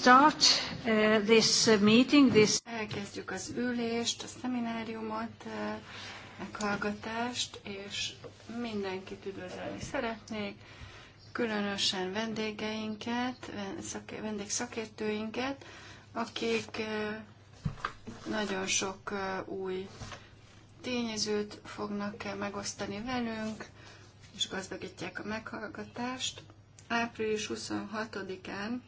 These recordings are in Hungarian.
start uh, this uh, meeting, this... Elkezdjük az ülést, a szemináriumot, uh, meghallgatást, és mindenkit üdvözölni szeretnék, különösen vendégeinket, vendégszakértőinket, akik uh, nagyon sok új tényezőt fognak megosztani velünk, és gazdagítják a meghallgatást. Április 26-án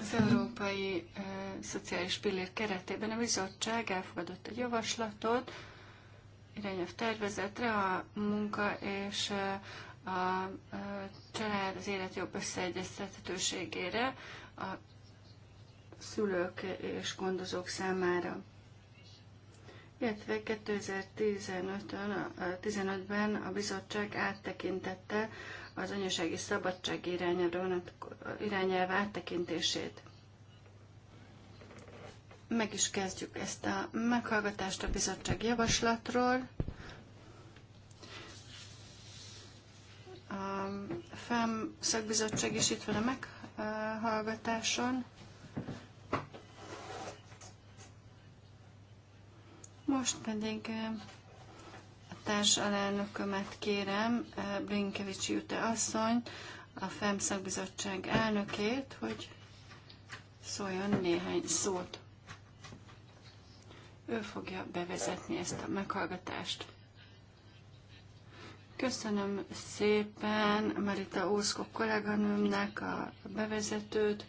Az Európai Szociális Pillér keretében a bizottság elfogadott egy javaslatot, irányelv tervezetre a munka és a, a család az élet jobb összeegyeztethetőségére a szülők és gondozók számára. Illetve 2015-ben a bizottság áttekintette az anyasági szabadság irányelv, áttekintését. Meg is kezdjük ezt a meghallgatást a bizottság javaslatról. A FEM szakbizottság is itt van a meghallgatáson. Most pedig eh, társ alelnökömet kérem, eh, Brinkevics Jute asszony, a FEM szakbizottság elnökét, hogy szóljon néhány szót. Ő fogja bevezetni ezt a meghallgatást. Köszönöm szépen Marita Úszko kolléganőmnek a bevezetőt.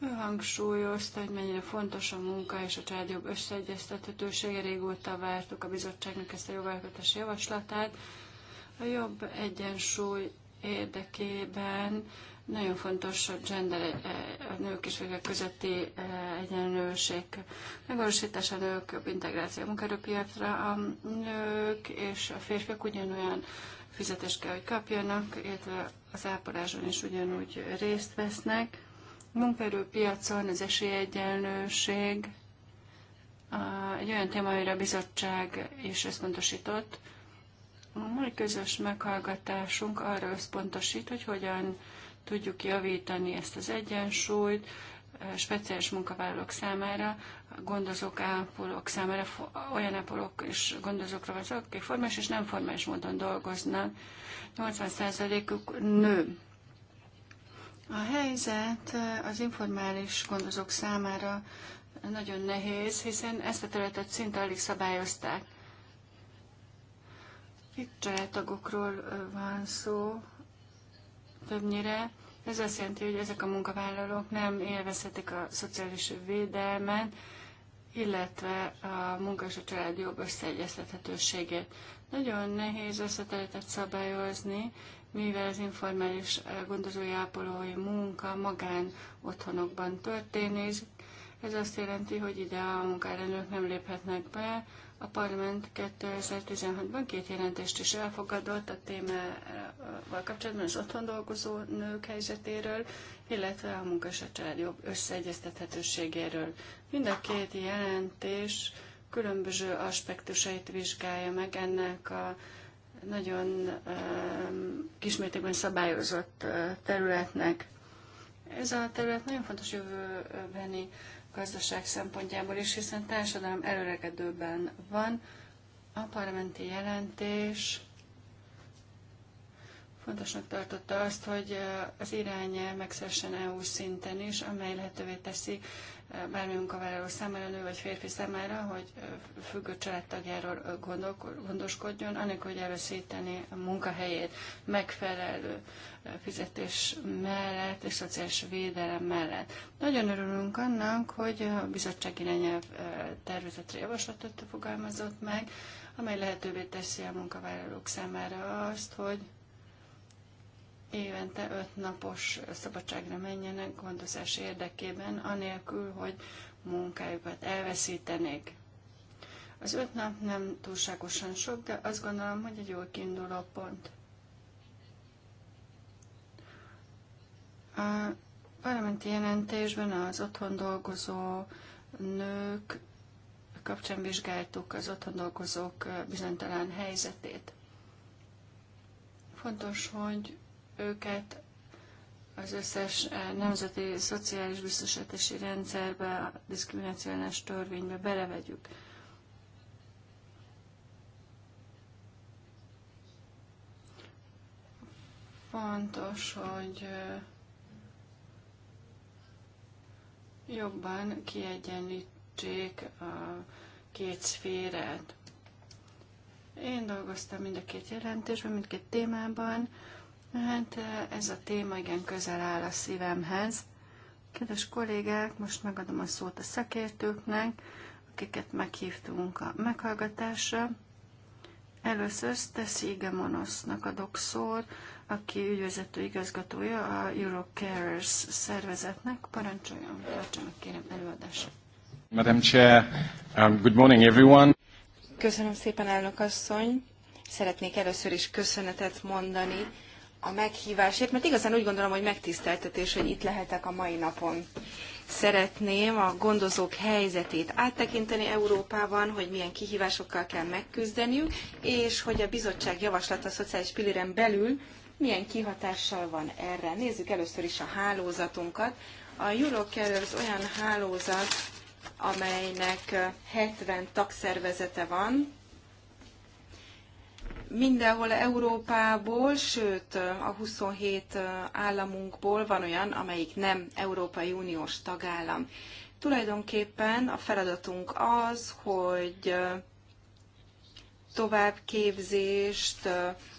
Ő hangsúlyozta, hogy mennyire fontos a munka és a családjog összeegyeztethetősége. Régóta vártuk a bizottságnak ezt a jogalkotási javaslatát. A jobb egyensúly érdekében nagyon fontos a gender, eh, a nők és férfiak közötti eh, egyenlőség megvalósítása, a nők jobb integráció a munkerőpiacra. a nők és a férfiak ugyanolyan fizetést kell, hogy kapjanak, illetve az ápolásban is ugyanúgy részt vesznek munkaerőpiacon az esélyegyenlőség egy olyan téma, amire a bizottság is összpontosított. A mai közös meghallgatásunk arra összpontosít, hogy hogyan tudjuk javítani ezt az egyensúlyt, eh, speciális munkavállalók számára, gondozók, ápolók számára, olyan ápolók és gondozókra van akik formális és nem formális módon dolgoznak. 80%-uk nő. A helyzet az informális gondozók számára nagyon nehéz, hiszen ezt a területet szinte alig szabályozták. Itt családtagokról van szó többnyire. Ez azt jelenti, hogy ezek a munkavállalók nem élvezhetik a szociális védelmet, illetve a munka és a család jobb összeegyeztethetőségét. Nagyon nehéz ezt a területet szabályozni, mivel az informális eh, gondozói ápolói munka magán otthonokban történik. Ez azt jelenti, hogy ide a munkárendők nem léphetnek be. A parlament 2016-ban két jelentést is elfogadott a témával kapcsolatban az otthon dolgozó nők helyzetéről, illetve a munka a család jobb összeegyeztethetőségéről. Mind a két jelentés különböző aspektusait vizsgálja meg ennek a nagyon kismértékben szabályozott területnek. Ez a terület nagyon fontos jövőbeni gazdaság szempontjából is, hiszen társadalom előregedőben van. A parlamenti jelentés fontosnak tartotta azt, hogy az irány megszeressen EU szinten is, amely lehetővé teszi bármi munkavállaló számára, nő vagy férfi számára, hogy függő családtagjáról gondoskodjon, anélkül, hogy elveszíteni a munkahelyét megfelelő fizetés mellett és szociális védelem mellett. Nagyon örülünk annak, hogy a bizottság irányelv tervezetre javaslatot fogalmazott meg, amely lehetővé teszi a munkavállalók számára azt, hogy évente öt napos szabadságra menjenek gondozás érdekében, anélkül, hogy munkájukat elveszítenék. Az öt nap nem túlságosan sok, de azt gondolom, hogy egy jó kiinduló pont. A parlamenti jelentésben az otthon dolgozó nők kapcsán vizsgáltuk az otthon dolgozók bizonytalan helyzetét. Fontos, hogy őket az összes eh, nemzeti szociális biztosítási rendszerbe, a diszkriminációs törvénybe belevegyük. Fontos, hogy eh, jobban kiegyenlítsék a két szférát. Én dolgoztam mind a két jelentésben, mindkét témában. Hát ez a téma igen közel áll a szívemhez. Kedves kollégák, most megadom a szót a szakértőknek, akiket meghívtunk a meghallgatásra. Először Steszi Igemonosznak adok szót, aki ügyvezető igazgatója a Eurocarers szervezetnek. Parancsoljon, tartsanak kérem előadásra. Madam Chair, um, good morning everyone. Köszönöm szépen, elnök asszony. Szeretnék először is köszönetet mondani a meghívásért, mert igazán úgy gondolom, hogy megtiszteltetés, hogy itt lehetek a mai napon. Szeretném a gondozók helyzetét áttekinteni Európában, hogy milyen kihívásokkal kell megküzdeniük, és hogy a bizottság javaslata a szociális pilléren belül milyen kihatással van erre. Nézzük először is a hálózatunkat. A Eurocarers olyan hálózat, amelynek 70 eh, tagszervezete van, mindenhol Európából, sőt a 27 államunkból van olyan, amelyik nem Európai Uniós tagállam. Tulajdonképpen a feladatunk az, hogy továbbképzést,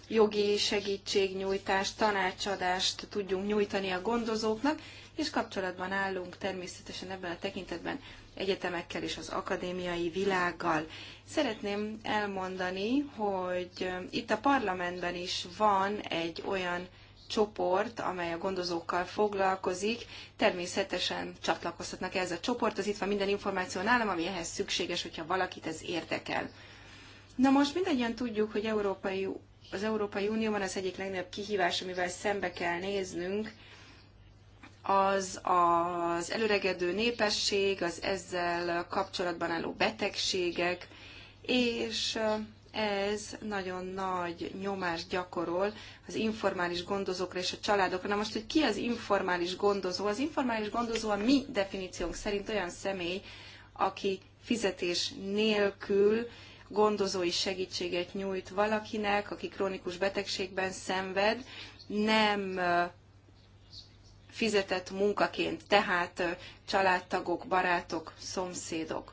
jogi segítségnyújtást, tanácsadást tudjunk nyújtani a gondozóknak, és kapcsolatban állunk természetesen ebben a tekintetben egyetemekkel és az akadémiai világgal. Szeretném elmondani, hogy itt a parlamentben is van egy olyan csoport, amely a gondozókkal foglalkozik, természetesen csatlakozhatnak ez a csoport, az itt van minden információ nálam, ami ehhez szükséges, hogyha valakit ez érdekel. Na most mindannyian tudjuk, hogy Európai, az Európai Unióban az egyik legnagyobb kihívás, amivel szembe kell néznünk, az az előregedő népesség, az ezzel kapcsolatban álló betegségek, és ez nagyon nagy nyomást gyakorol az informális gondozókra és a családokra. Na most, hogy ki az informális gondozó? Az informális gondozó a mi definíciónk szerint olyan személy, aki fizetés nélkül gondozói segítséget nyújt valakinek, aki krónikus betegségben szenved, nem fizetett munkaként, tehát családtagok, barátok, szomszédok.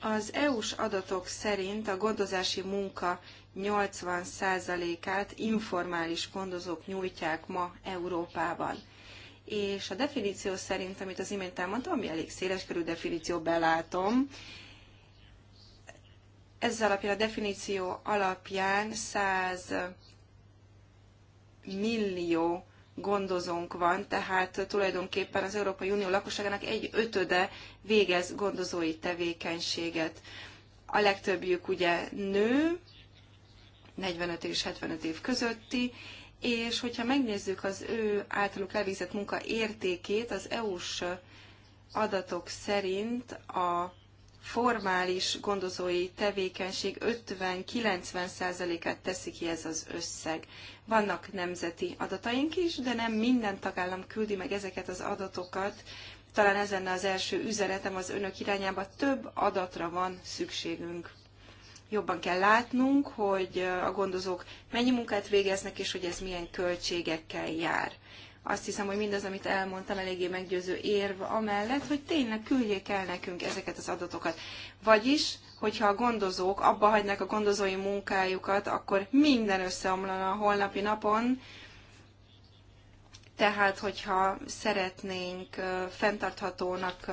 Az EU-s adatok szerint a gondozási munka 80%-át informális gondozók nyújtják ma Európában. És a definíció szerint, amit az imént elmondtam, ami elég széleskörű definíció, belátom, ez alapján a definíció alapján 100 millió gondozónk van, tehát tulajdonképpen az Európai Unió lakosságának egy ötöde végez gondozói tevékenységet. A legtöbbjük ugye nő, 45 és 75 év közötti, és hogyha megnézzük az ő általuk elvégzett munka értékét, az EU-s adatok szerint a formális gondozói tevékenység 50-90%-át teszi ki ez az összeg. Vannak nemzeti adataink is, de nem minden tagállam küldi meg ezeket az adatokat. Talán ez lenne az első üzenetem az önök irányába, több adatra van szükségünk. Jobban kell látnunk, hogy a gondozók mennyi munkát végeznek, és hogy ez milyen költségekkel jár. Azt hiszem, hogy mindaz, amit elmondtam, eléggé meggyőző érv amellett, hogy tényleg küldjék el nekünk ezeket az adatokat. Vagyis, hogyha a gondozók abba hagynak a gondozói munkájukat, akkor minden összeomlana a holnapi napon, tehát, hogyha szeretnénk fenntarthatónak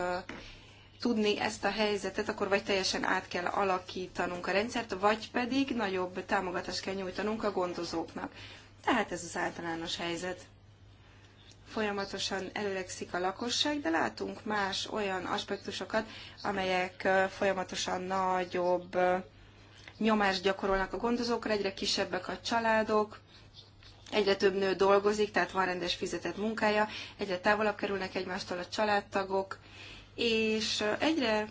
tudni ezt a helyzetet, akkor vagy teljesen át kell alakítanunk a rendszert, vagy pedig nagyobb támogatást kell nyújtanunk a gondozóknak. Tehát ez az általános helyzet folyamatosan előregszik a lakosság, de látunk más olyan aspektusokat, amelyek folyamatosan nagyobb nyomást gyakorolnak a gondozókra, egyre kisebbek a családok, egyre több nő dolgozik, tehát van rendes fizetett munkája, egyre távolabb kerülnek egymástól a családtagok, és egyre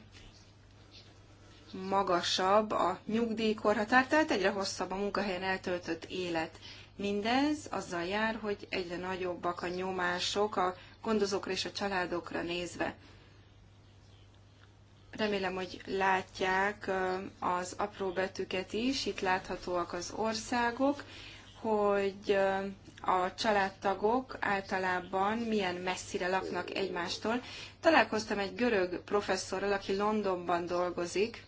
magasabb a nyugdíjkorhatár, tehát egyre hosszabb a munkahelyen eltöltött élet. Mindez azzal jár, hogy egyre nagyobbak a nyomások a gondozókra és a családokra nézve. Remélem, hogy látják az apró betűket is, itt láthatóak az országok, hogy a családtagok általában milyen messzire laknak egymástól. Találkoztam egy görög professzorral, aki Londonban dolgozik,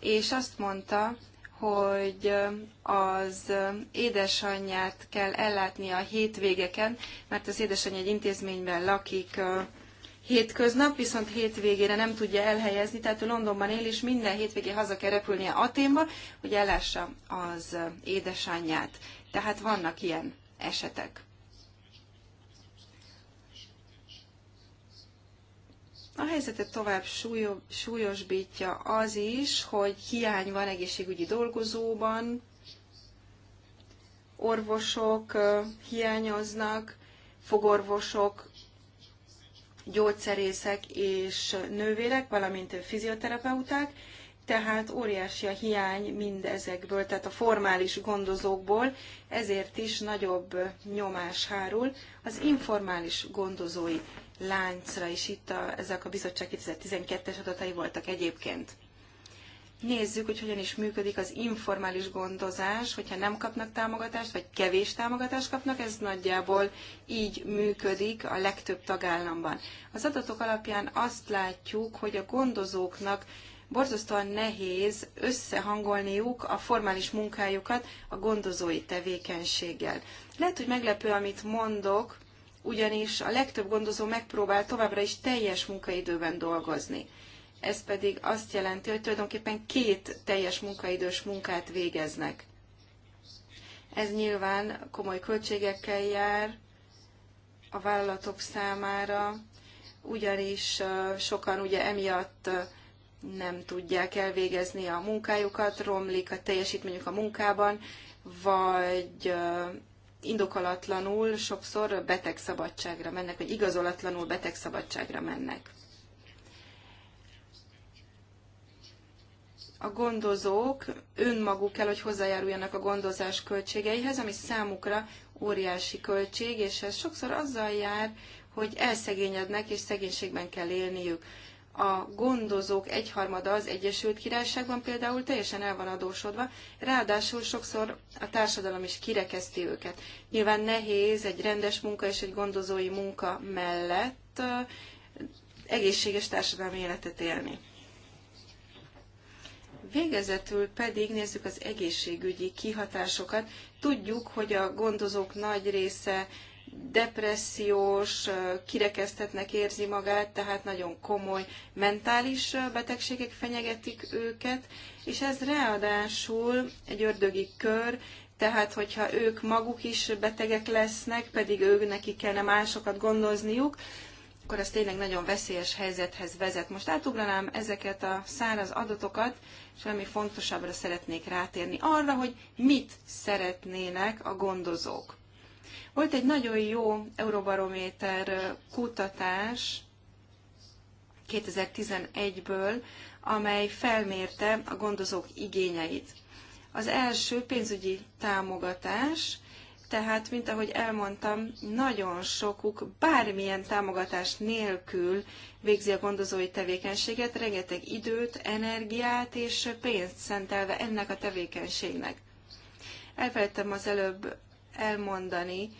és azt mondta, hogy az édesanyját kell ellátni a hétvégeken, mert az édesanyja egy intézményben lakik hétköznap, viszont hétvégére nem tudja elhelyezni, tehát ő Londonban él, és minden hétvégén haza kell repülnie Aténba, hogy ellássa az édesanyját. Tehát vannak ilyen esetek. A helyzetet tovább súlyosbítja az is, hogy hiány van egészségügyi dolgozóban, orvosok hiányoznak, fogorvosok, gyógyszerészek és nővérek, valamint fizioterapeuták, tehát óriási a hiány mindezekből, tehát a formális gondozókból, ezért is nagyobb nyomás hárul az informális gondozói láncra is itt a, ezek a bizottság 2012-es adatai voltak egyébként. Nézzük, hogy hogyan is működik az informális gondozás, hogyha nem kapnak támogatást, vagy kevés támogatást kapnak, ez nagyjából így működik a legtöbb tagállamban. Az adatok alapján azt látjuk, hogy a gondozóknak borzasztóan nehéz összehangolniuk a formális munkájukat a gondozói tevékenységgel. Lehet, hogy meglepő, amit mondok, ugyanis a legtöbb gondozó megpróbál továbbra is teljes munkaidőben dolgozni. Ez pedig azt jelenti, hogy tulajdonképpen két teljes munkaidős munkát végeznek. Ez nyilván komoly költségekkel jár a vállalatok számára, ugyanis sokan ugye emiatt nem tudják elvégezni a munkájukat, romlik a teljesítményük a munkában, vagy indokolatlanul sokszor betegszabadságra mennek, vagy igazolatlanul betegszabadságra mennek. a gondozók önmaguk kell, hogy hozzájáruljanak a gondozás költségeihez, ami számukra óriási költség, és ez sokszor azzal jár, hogy elszegényednek és szegénységben kell élniük a gondozók egyharmada az Egyesült Királyságban például teljesen el van adósodva, ráadásul sokszor a társadalom is kirekeszti őket. Nyilván nehéz egy rendes munka és egy gondozói munka mellett egészséges társadalmi életet élni. Végezetül pedig nézzük az egészségügyi kihatásokat. Tudjuk, hogy a gondozók nagy része depressziós, kirekesztetnek érzi magát, tehát nagyon komoly mentális betegségek fenyegetik őket, és ez ráadásul egy ördögi kör, tehát hogyha ők maguk is betegek lesznek, pedig ők neki kellene másokat gondozniuk, akkor ez tényleg nagyon veszélyes helyzethez vezet. Most átugranám ezeket a száraz adatokat, és valami fontosabbra szeretnék rátérni. Arra, hogy mit szeretnének a gondozók. Volt egy nagyon jó Euróbarométer kutatás 2011-ből, amely felmérte a gondozók igényeit. Az első pénzügyi támogatás, tehát, mint ahogy elmondtam, nagyon sokuk bármilyen támogatás nélkül végzi a gondozói tevékenységet, rengeteg időt, energiát és pénzt szentelve ennek a tevékenységnek. Elfelejtem az előbb elmondani,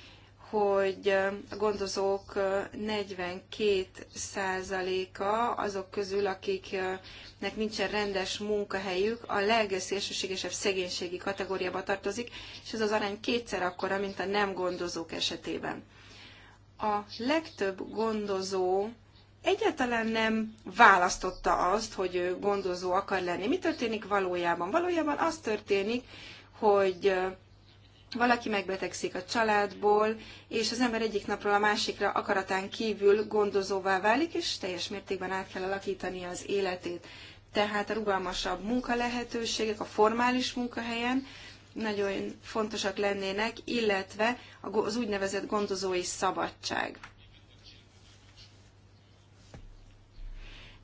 hogy a gondozók 42%-a azok közül, akiknek nincsen rendes munkahelyük, a legszélsőségesebb szegénységi kategóriába tartozik, és ez az arány kétszer akkora, mint a nem gondozók esetében. A legtöbb gondozó egyáltalán nem választotta azt, hogy ő gondozó akar lenni. Mi történik valójában? Valójában az történik, hogy valaki megbetegszik a családból, és az ember egyik napról a másikra akaratán kívül gondozóvá válik, és teljes mértékben át kell alakítani az életét. Tehát a rugalmasabb munkalehetőségek a formális munkahelyen nagyon fontosak lennének, illetve az úgynevezett gondozói szabadság.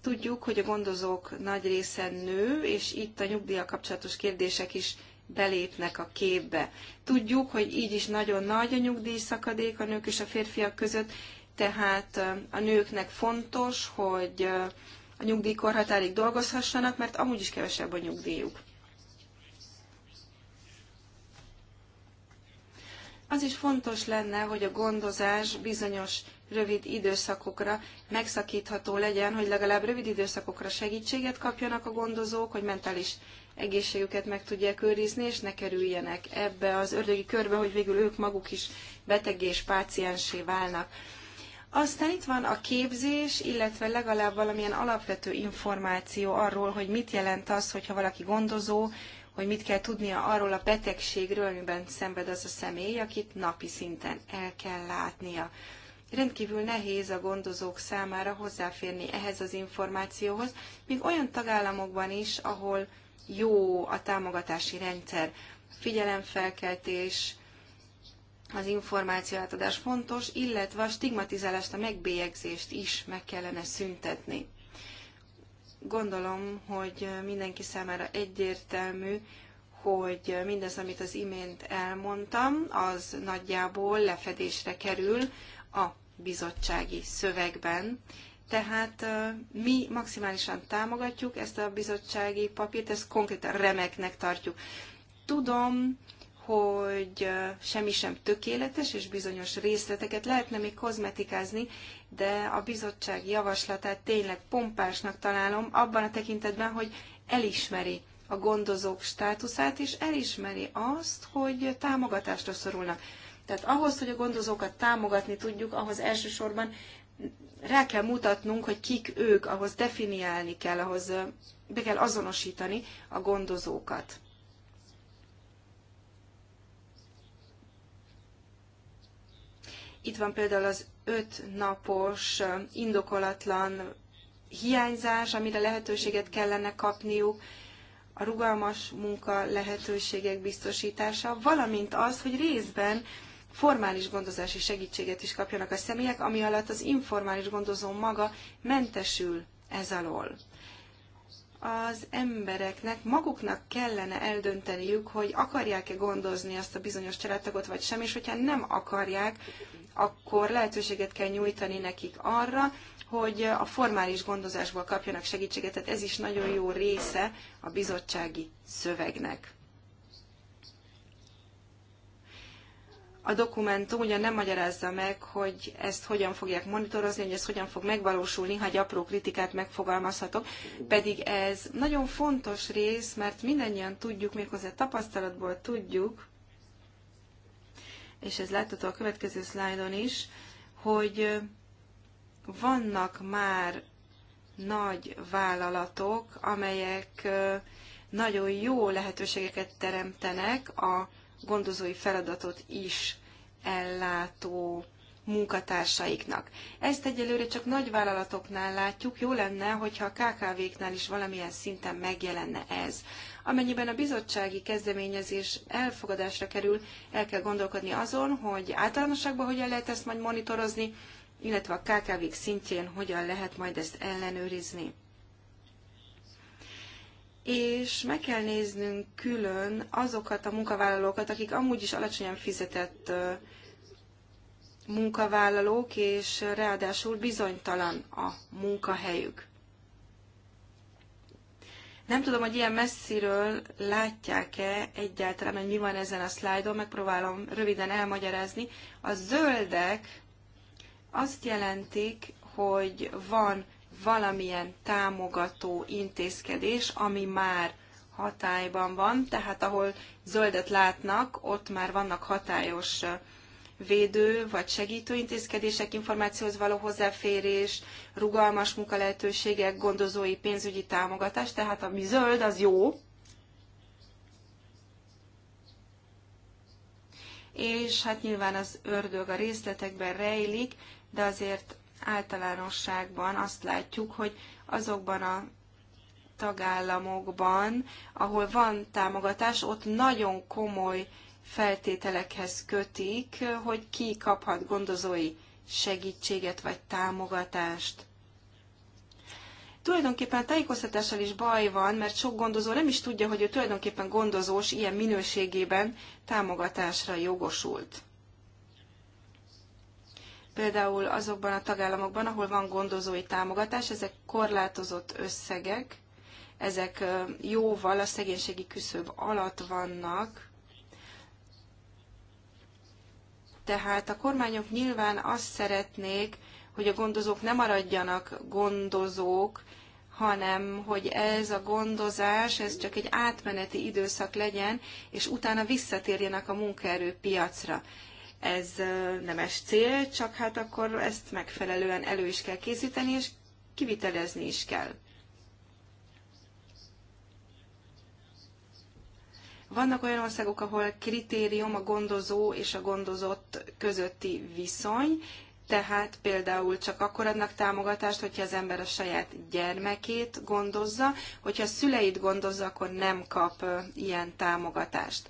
Tudjuk, hogy a gondozók nagy része nő, és itt a nyugdíjjal kapcsolatos kérdések is belépnek a képbe. Tudjuk, hogy így is nagyon nagy a nyugdíjszakadék a nők és a férfiak között, tehát a nőknek fontos, hogy a nyugdíjkorhatárig dolgozhassanak, mert amúgy is kevesebb a nyugdíjuk. Az is fontos lenne, hogy a gondozás bizonyos rövid időszakokra megszakítható legyen, hogy legalább rövid időszakokra segítséget kapjanak a gondozók, hogy mentális egészségüket meg tudják őrizni, és ne kerüljenek ebbe az ördögi körbe, hogy végül ők maguk is beteg és páciensé válnak. Aztán itt van a képzés, illetve legalább valamilyen alapvető információ arról, hogy mit jelent az, hogyha valaki gondozó, hogy mit kell tudnia arról a betegségről, amiben szenved az a személy, akit napi szinten el kell látnia. Rendkívül nehéz a gondozók számára hozzáférni ehhez az információhoz, még olyan tagállamokban is, ahol jó a támogatási rendszer, figyelemfelkeltés, az információátadás fontos, illetve a stigmatizálást, a megbélyegzést is meg kellene szüntetni. Gondolom, hogy mindenki számára egyértelmű, hogy mindez, amit az imént elmondtam, az nagyjából lefedésre kerül a bizottsági szövegben, tehát mi maximálisan támogatjuk ezt a bizottsági papírt, ezt konkrétan remeknek tartjuk. Tudom, hogy semmi sem tökéletes, és bizonyos részleteket lehetne még kozmetikázni, de a bizottság javaslatát tényleg pompásnak találom abban a tekintetben, hogy elismeri a gondozók státuszát, és elismeri azt, hogy támogatásra szorulnak. Tehát ahhoz, hogy a gondozókat támogatni tudjuk, ahhoz elsősorban rá kell mutatnunk, hogy kik ők, ahhoz definiálni kell, ahhoz be kell azonosítani a gondozókat. Itt van például az öt napos indokolatlan hiányzás, amire lehetőséget kellene kapniuk, a rugalmas munka lehetőségek biztosítása, valamint az, hogy részben formális gondozási segítséget is kapjanak a személyek, ami alatt az informális gondozó maga mentesül ez alól az embereknek maguknak kellene eldönteniük, hogy akarják-e gondozni azt a bizonyos családtagot, vagy sem, és hogyha nem akarják, akkor lehetőséget kell nyújtani nekik arra, hogy a formális gondozásból kapjanak segítséget, tehát ez is nagyon jó része a bizottsági szövegnek. a dokumentum ugyan nem magyarázza meg, hogy ezt hogyan fogják monitorozni, hogy ez hogyan fog megvalósulni, ha egy apró kritikát megfogalmazhatok, pedig ez nagyon fontos rész, mert mindannyian tudjuk, méghozzá tapasztalatból tudjuk, és ez látható a következő szlájdon is, hogy vannak már nagy vállalatok, amelyek nagyon jó lehetőségeket teremtenek a gondozói feladatot is ellátó munkatársaiknak. Ezt egyelőre csak nagy vállalatoknál látjuk, jó lenne, hogyha a KKV-knál is valamilyen szinten megjelenne ez. Amennyiben a bizottsági kezdeményezés elfogadásra kerül, el kell gondolkodni azon, hogy általánosságban hogyan lehet ezt majd monitorozni, illetve a KKV-k szintjén hogyan lehet majd ezt ellenőrizni és meg kell néznünk külön azokat a munkavállalókat, akik amúgy is alacsonyan fizetett munkavállalók, és ráadásul bizonytalan a munkahelyük. Nem tudom, hogy ilyen messziről látják-e egyáltalán, hogy mi van ezen a szlájdon, megpróbálom röviden elmagyarázni. A zöldek azt jelentik, hogy van valamilyen támogató intézkedés, ami már hatályban van, tehát ahol zöldet látnak, ott már vannak hatályos védő vagy segítő intézkedések, információhoz való hozzáférés, rugalmas munkalehetőségek, gondozói pénzügyi támogatás, tehát ami zöld, az jó. És hát nyilván az ördög a részletekben rejlik, de azért általánosságban azt látjuk, hogy azokban a tagállamokban, ahol van támogatás, ott nagyon komoly feltételekhez kötik, hogy ki kaphat gondozói segítséget vagy támogatást. Tulajdonképpen a tájékoztatással is baj van, mert sok gondozó nem is tudja, hogy ő tulajdonképpen gondozós ilyen minőségében támogatásra jogosult például azokban a tagállamokban, ahol van gondozói támogatás, ezek korlátozott összegek, ezek jóval a szegénységi küszöb alatt vannak, tehát a kormányok nyilván azt szeretnék, hogy a gondozók ne maradjanak gondozók, hanem hogy ez a gondozás, ez csak egy átmeneti időszak legyen, és utána visszatérjenek a munkaerőpiacra ez nemes cél, csak hát akkor ezt megfelelően elő is kell készíteni, és kivitelezni is kell. Vannak olyan országok, ahol kritérium a gondozó és a gondozott közötti viszony, tehát például csak akkor adnak támogatást, hogyha az ember a saját gyermekét gondozza, hogyha a szüleit gondozza, akkor nem kap ilyen támogatást.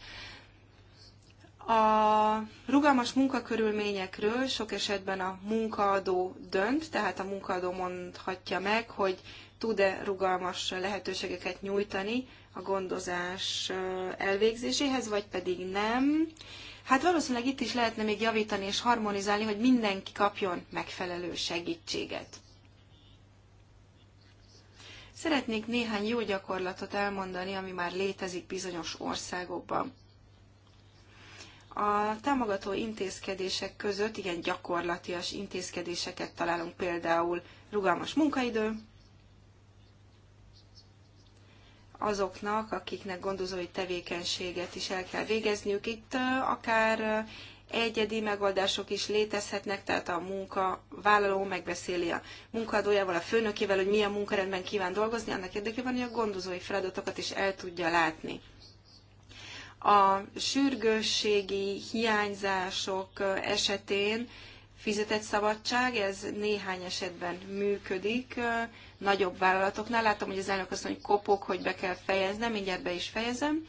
A rugalmas munkakörülményekről sok esetben a munkaadó dönt, tehát a munkaadó mondhatja meg, hogy tud-e rugalmas lehetőségeket nyújtani a gondozás elvégzéséhez, vagy pedig nem. Hát valószínűleg itt is lehetne még javítani és harmonizálni, hogy mindenki kapjon megfelelő segítséget. Szeretnék néhány jó gyakorlatot elmondani, ami már létezik bizonyos országokban. A támogató intézkedések között igen gyakorlatias intézkedéseket találunk, például rugalmas munkaidő, azoknak, akiknek gondozói tevékenységet is el kell végezniük. Itt akár egyedi megoldások is létezhetnek, tehát a munkavállaló megbeszéli a munkadójával, a főnökével, hogy milyen munkarendben kíván dolgozni, annak érdekében, hogy a gondozói feladatokat is el tudja látni a sürgősségi hiányzások esetén fizetett szabadság, ez néhány esetben működik nagyobb vállalatoknál. Látom, hogy az elnök azt mondja, hogy kopok, hogy be kell fejeznem, mindjárt be is fejezem.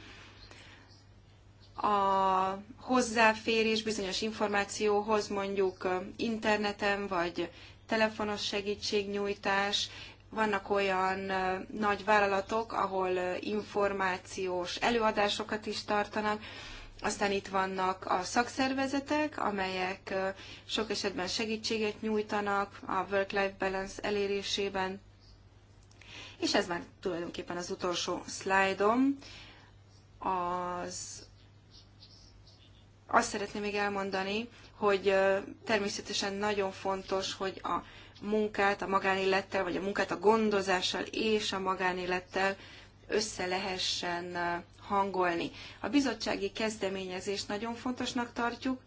A hozzáférés bizonyos információhoz mondjuk interneten vagy telefonos segítségnyújtás, vannak olyan nagy vállalatok, ahol információs előadásokat is tartanak, aztán itt vannak a szakszervezetek, amelyek sok esetben segítséget nyújtanak a work-life balance elérésében. És ez már tulajdonképpen az utolsó szlájdom. Az... Azt szeretném még elmondani, hogy természetesen nagyon fontos, hogy a munkát a magánélettel, vagy a munkát a gondozással és a magánélettel össze lehessen hangolni. A bizottsági kezdeményezést nagyon fontosnak tartjuk,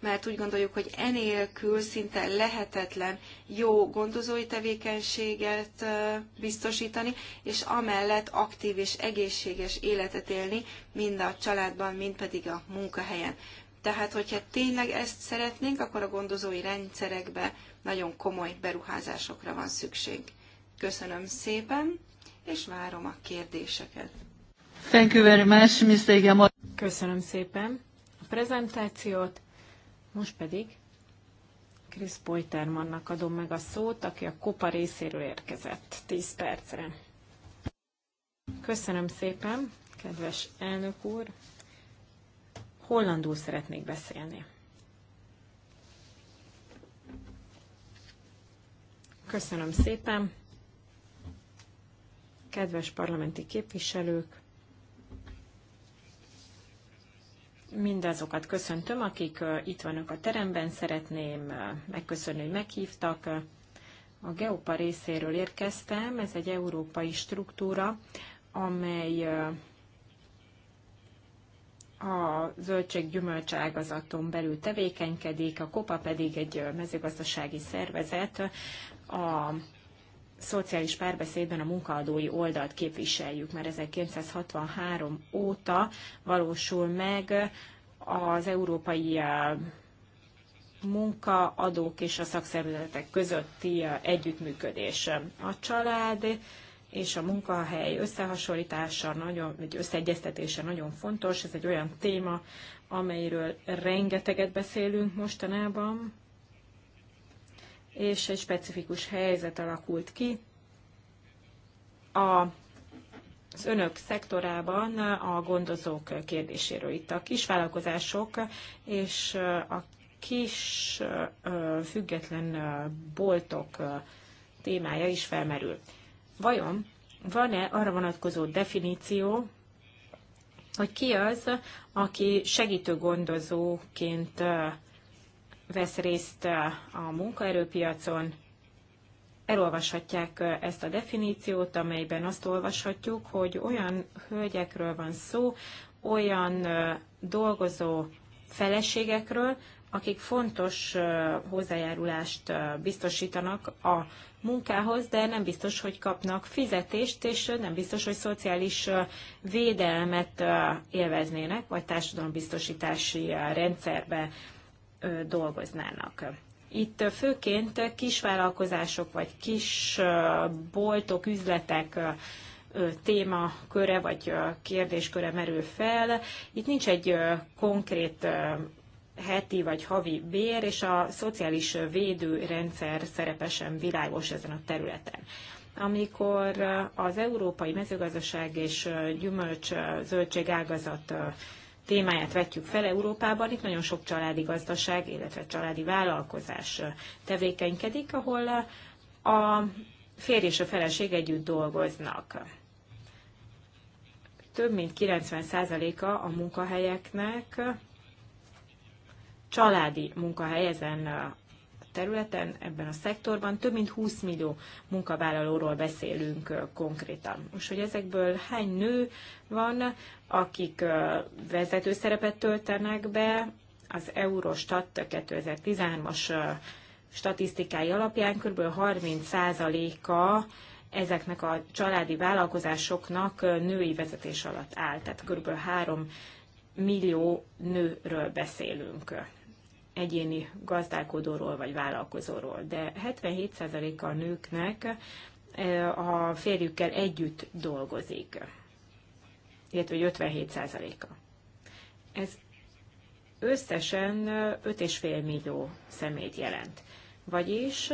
mert úgy gondoljuk, hogy enélkül szinte lehetetlen jó gondozói tevékenységet biztosítani, és amellett aktív és egészséges életet élni, mind a családban, mind pedig a munkahelyen. Tehát, hogyha tényleg ezt szeretnénk, akkor a gondozói rendszerekbe nagyon komoly beruházásokra van szükség. Köszönöm szépen, és várom a kérdéseket. Thank you very much, Mr. Köszönöm szépen a prezentációt, most pedig Chris Poitermannak adom meg a szót, aki a Kopa részéről érkezett 10 percre. Köszönöm szépen, kedves elnök úr, hollandul szeretnék beszélni. Köszönöm szépen! Kedves parlamenti képviselők! Mindazokat köszöntöm, akik eh, itt vannak a teremben. Szeretném eh, megköszönni, hogy meghívtak. A Geopa részéről érkeztem. Ez egy európai struktúra, amely eh, a zöldség gyümölcságazaton belül tevékenykedik, a KOPA pedig egy mezőgazdasági szervezet, a szociális párbeszédben a munkaadói oldalt képviseljük, mert 1963 óta valósul meg az európai eh, munkaadók és a szakszervezetek közötti eh, együttműködés. A család és a munkahely összehasonlítása, nagyon, vagy összeegyeztetése nagyon fontos. Ez egy olyan téma, amelyről rengeteget beszélünk mostanában, és egy specifikus helyzet alakult ki. A az önök szektorában a gondozók kérdéséről itt a kisvállalkozások és a kis független boltok témája is felmerül vajon van-e arra vonatkozó definíció, hogy ki az, aki segítőgondozóként vesz részt a munkaerőpiacon. Elolvashatják ezt a definíciót, amelyben azt olvashatjuk, hogy olyan hölgyekről van szó, olyan dolgozó feleségekről, akik fontos hozzájárulást biztosítanak a munkához, de nem biztos, hogy kapnak fizetést, és nem biztos, hogy szociális védelmet élveznének, vagy társadalombiztosítási rendszerbe dolgoznának. Itt főként kisvállalkozások vagy kis boltok, üzletek témaköre vagy kérdésköre merül fel. Itt nincs egy konkrét heti vagy havi bér, és a szociális védőrendszer szerepesen világos ezen a területen. Amikor az európai mezőgazdaság és gyümölcs zöldség ágazat témáját vetjük fel Európában, itt nagyon sok családi gazdaság, illetve családi vállalkozás tevékenykedik, ahol a férj és a feleség együtt dolgoznak. Több mint 90%-a a munkahelyeknek családi munkahely ezen a területen, ebben a szektorban. Több mint 20 millió munkavállalóról beszélünk konkrétan. Most, hogy ezekből hány nő van, akik vezető szerepet töltenek be, az Eurostat 2013-as statisztikái alapján kb. 30%-a ezeknek a családi vállalkozásoknak női vezetés alatt áll. Tehát kb. 3 millió nőről beszélünk egyéni gazdálkodóról vagy vállalkozóról, de 77%-a a nőknek e, a férjükkel együtt dolgozik, illetve 57%-a. Ez összesen 5,5 millió szemét jelent. Vagyis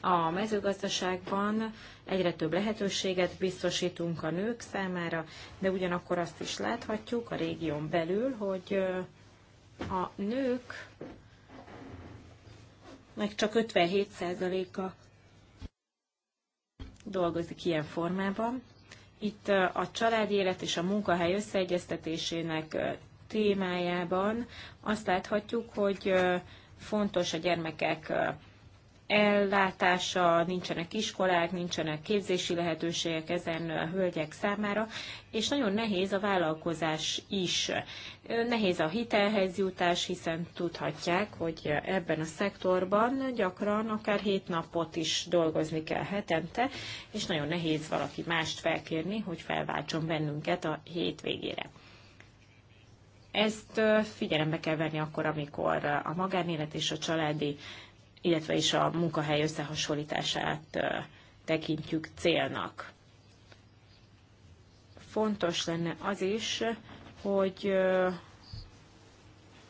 a mezőgazdaságban egyre több lehetőséget biztosítunk a nők számára, de ugyanakkor azt is láthatjuk a régión belül, hogy a nők meg csak 57%-a dolgozik ilyen formában. Itt a családi élet és a munkahely összeegyeztetésének témájában azt láthatjuk, hogy fontos a gyermekek ellátása, nincsenek iskolák, nincsenek képzési lehetőségek ezen a hölgyek számára, és nagyon nehéz a vállalkozás is. Nehéz a hitelhez jutás, hiszen tudhatják, hogy ebben a szektorban gyakran akár hét napot is dolgozni kell hetente, és nagyon nehéz valaki mást felkérni, hogy felváltson bennünket a hétvégére. Ezt figyelembe kell venni akkor, amikor a magánélet és a családi illetve is a munkahely összehasonlítását tekintjük célnak. Fontos lenne az is, hogy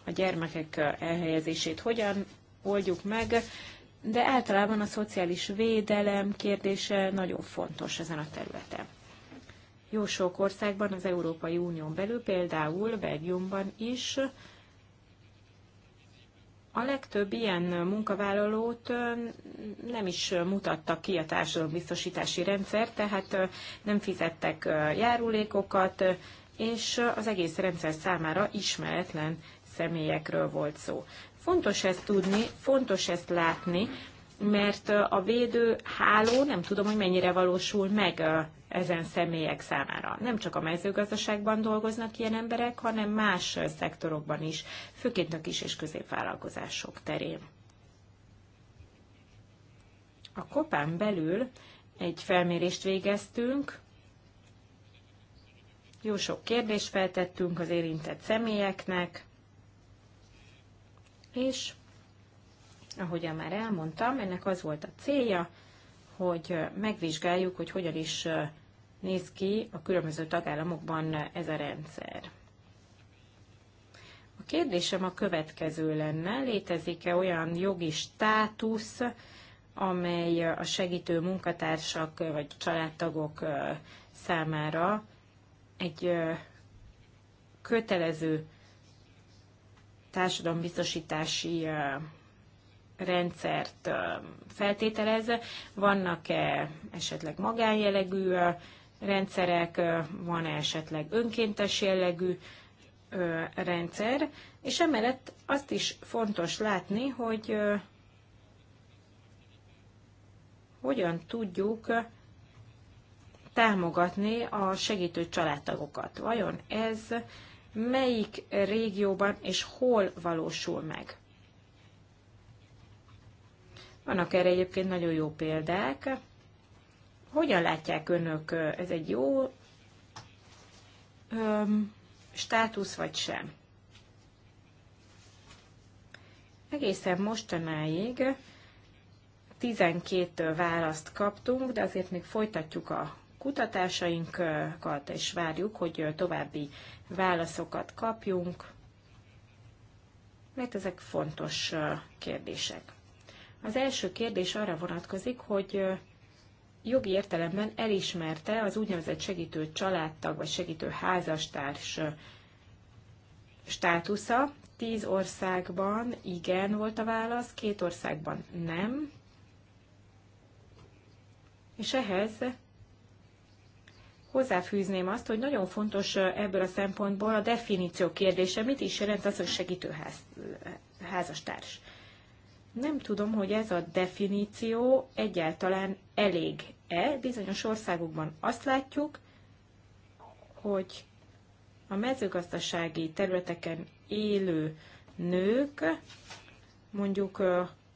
a gyermekek elhelyezését hogyan oldjuk meg, de általában a szociális védelem kérdése nagyon fontos ezen a területen. Jó sok országban, az Európai Unión belül, például Belgiumban is a legtöbb ilyen munkavállalót nem is mutatta ki a társadalombiztosítási rendszer, tehát nem fizettek járulékokat, és az egész rendszer számára ismeretlen személyekről volt szó. Fontos ezt tudni, fontos ezt látni, mert a védőháló nem tudom, hogy mennyire valósul meg ezen személyek számára. Nem csak a mezőgazdaságban dolgoznak ilyen emberek, hanem más szektorokban is, főként a kis- és középvállalkozások terén. A kopán belül egy felmérést végeztünk, jó sok kérdést feltettünk az érintett személyeknek, és ahogyan már elmondtam, ennek az volt a célja, hogy megvizsgáljuk, hogy hogyan is néz ki a különböző tagállamokban ez a rendszer. A kérdésem a következő lenne, létezik-e olyan jogi státusz, amely a segítő munkatársak vagy családtagok számára egy kötelező társadalombiztosítási rendszert feltételez. Vannak-e esetleg magánjellegű rendszerek, van -e esetleg önkéntes jellegű rendszer, és emellett azt is fontos látni, hogy hogyan tudjuk támogatni a segítő családtagokat. Vajon ez melyik régióban és hol valósul meg? Vannak erre egyébként nagyon jó példák. Hogyan látják önök, ez egy jó öm, státusz vagy sem? Egészen mostanáig 12 választ kaptunk, de azért még folytatjuk a kutatásainkat, és várjuk, hogy további válaszokat kapjunk, mert ezek fontos kérdések. Az első kérdés arra vonatkozik, hogy jogi értelemben elismerte az úgynevezett segítő családtag vagy segítő házastárs státusza. Tíz országban igen volt a válasz, két országban nem. És ehhez hozzáfűzném azt, hogy nagyon fontos ebből a szempontból a definíció kérdése, mit is jelent az, hogy segítő ház, házastárs. Nem tudom, hogy ez a definíció egyáltalán elég-e. Bizonyos országokban azt látjuk, hogy a mezőgazdasági területeken élő nők mondjuk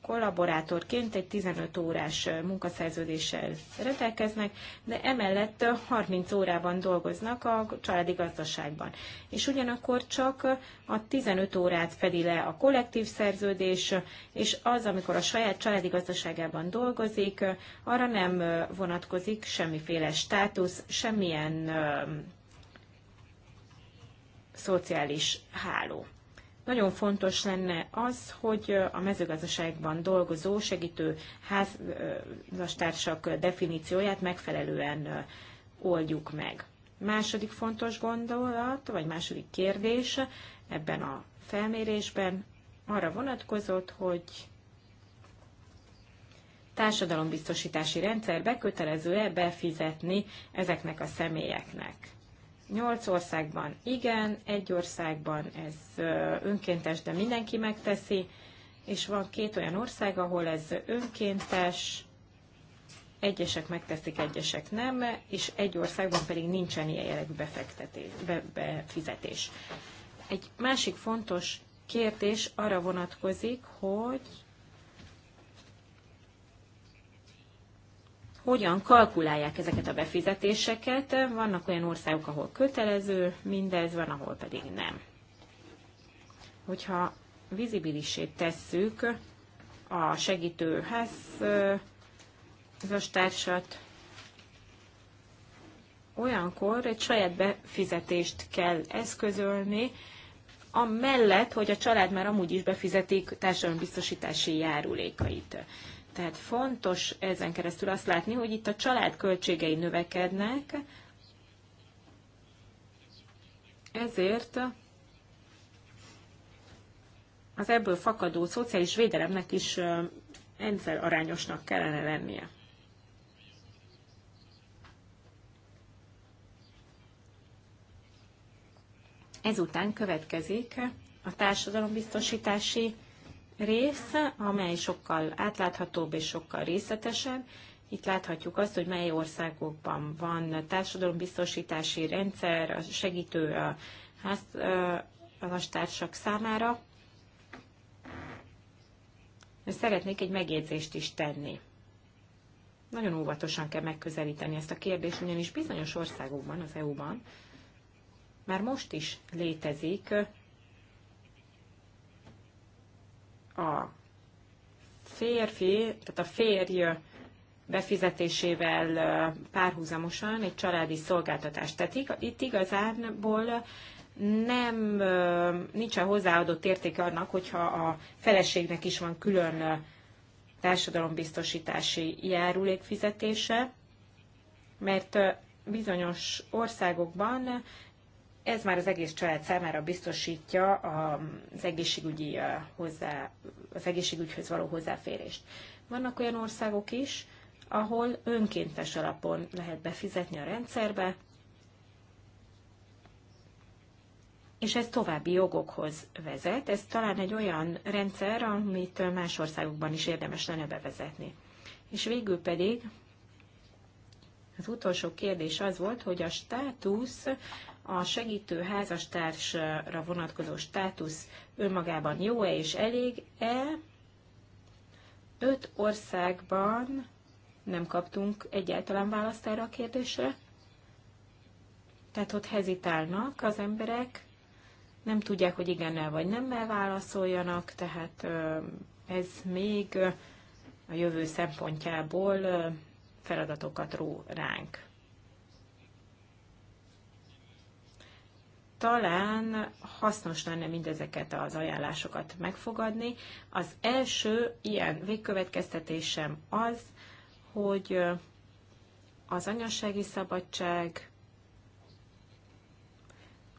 kollaborátorként egy 15 órás munkaszerződéssel rendelkeznek, de emellett 30 órában dolgoznak a családi gazdaságban. És ugyanakkor csak a 15 órát fedi le a kollektív szerződés, és az, amikor a saját családi gazdaságában dolgozik, arra nem vonatkozik semmiféle státusz, semmilyen szociális háló. Nagyon fontos lenne az, hogy a mezőgazdaságban dolgozó segítő házastársak definícióját megfelelően oldjuk meg. Második fontos gondolat, vagy második kérdés ebben a felmérésben arra vonatkozott, hogy társadalombiztosítási rendszerbe kötelező-e befizetni ezeknek a személyeknek. Nyolc országban igen, egy országban ez önkéntes, de mindenki megteszi, és van két olyan ország, ahol ez önkéntes, egyesek megteszik, egyesek nem, és egy országban pedig nincsen ilyen jellegű befektetés, befizetés. Egy másik fontos kérdés arra vonatkozik, hogy hogyan kalkulálják ezeket a befizetéseket. Vannak olyan országok, ahol kötelező mindez, van, ahol pedig nem. Hogyha vizibilissé tesszük a segítő társat, olyankor egy saját befizetést kell eszközölni, amellett, hogy a család már amúgy is befizetik társadalombiztosítási járulékait. Tehát fontos ezen keresztül azt látni, hogy itt a család költségei növekednek, ezért az ebből fakadó szociális védelemnek is rendszer arányosnak kellene lennie. Ezután következik a társadalombiztosítási rész, amely sokkal átláthatóbb és sokkal részletesebb. Itt láthatjuk azt, hogy mely országokban van társadalombiztosítási rendszer, a segítő a háztársak számára. Szeretnék egy megjegyzést is tenni. Nagyon óvatosan kell megközelíteni ezt a kérdést, ugyanis bizonyos országokban, az EU-ban már most is létezik a férfi, tehát a férj befizetésével párhuzamosan egy családi szolgáltatást. Tehát itt igazából nem, nincsen hozzáadott értéke annak, hogyha a feleségnek is van külön társadalombiztosítási járulékfizetése, mert bizonyos országokban ez már az egész család számára biztosítja az, egészségügyi hozzá, az egészségügyhöz való hozzáférést. Vannak olyan országok is, ahol önkéntes alapon lehet befizetni a rendszerbe, és ez további jogokhoz vezet. Ez talán egy olyan rendszer, amit más országokban is érdemes lenne bevezetni. És végül pedig az utolsó kérdés az volt, hogy a státusz a segítő házastársra vonatkozó státusz önmagában jó-e és elég-e. Öt országban nem kaptunk egyáltalán választ erre a kérdésre. Tehát ott hezitálnak az emberek, nem tudják, hogy igennel vagy nemmel válaszoljanak, tehát ez még a jövő szempontjából feladatokat ró ránk. talán hasznos lenne mindezeket az ajánlásokat megfogadni. Az első ilyen végkövetkeztetésem az, hogy az anyasági szabadság,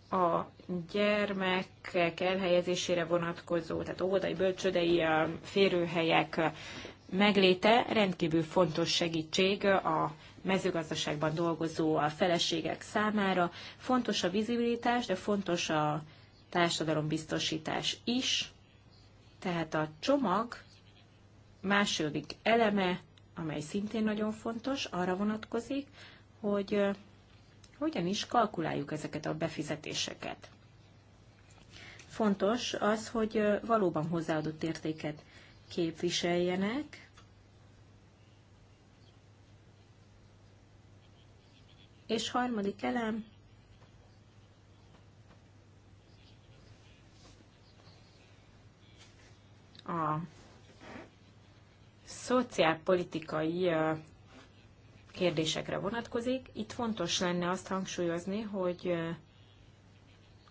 a gyermekek elhelyezésére vonatkozó, tehát óvodai, bölcsödei férőhelyek megléte rendkívül fontos segítség a mezőgazdaságban dolgozó a feleségek számára. Fontos a vizibilitás, de fontos a társadalombiztosítás is. Tehát a csomag második eleme, amely szintén nagyon fontos, arra vonatkozik, hogy hogyan is kalkuláljuk ezeket a befizetéseket fontos az, hogy valóban hozzáadott értéket képviseljenek, és harmadik elem, a szociálpolitikai kérdésekre vonatkozik. Itt fontos lenne azt hangsúlyozni, hogy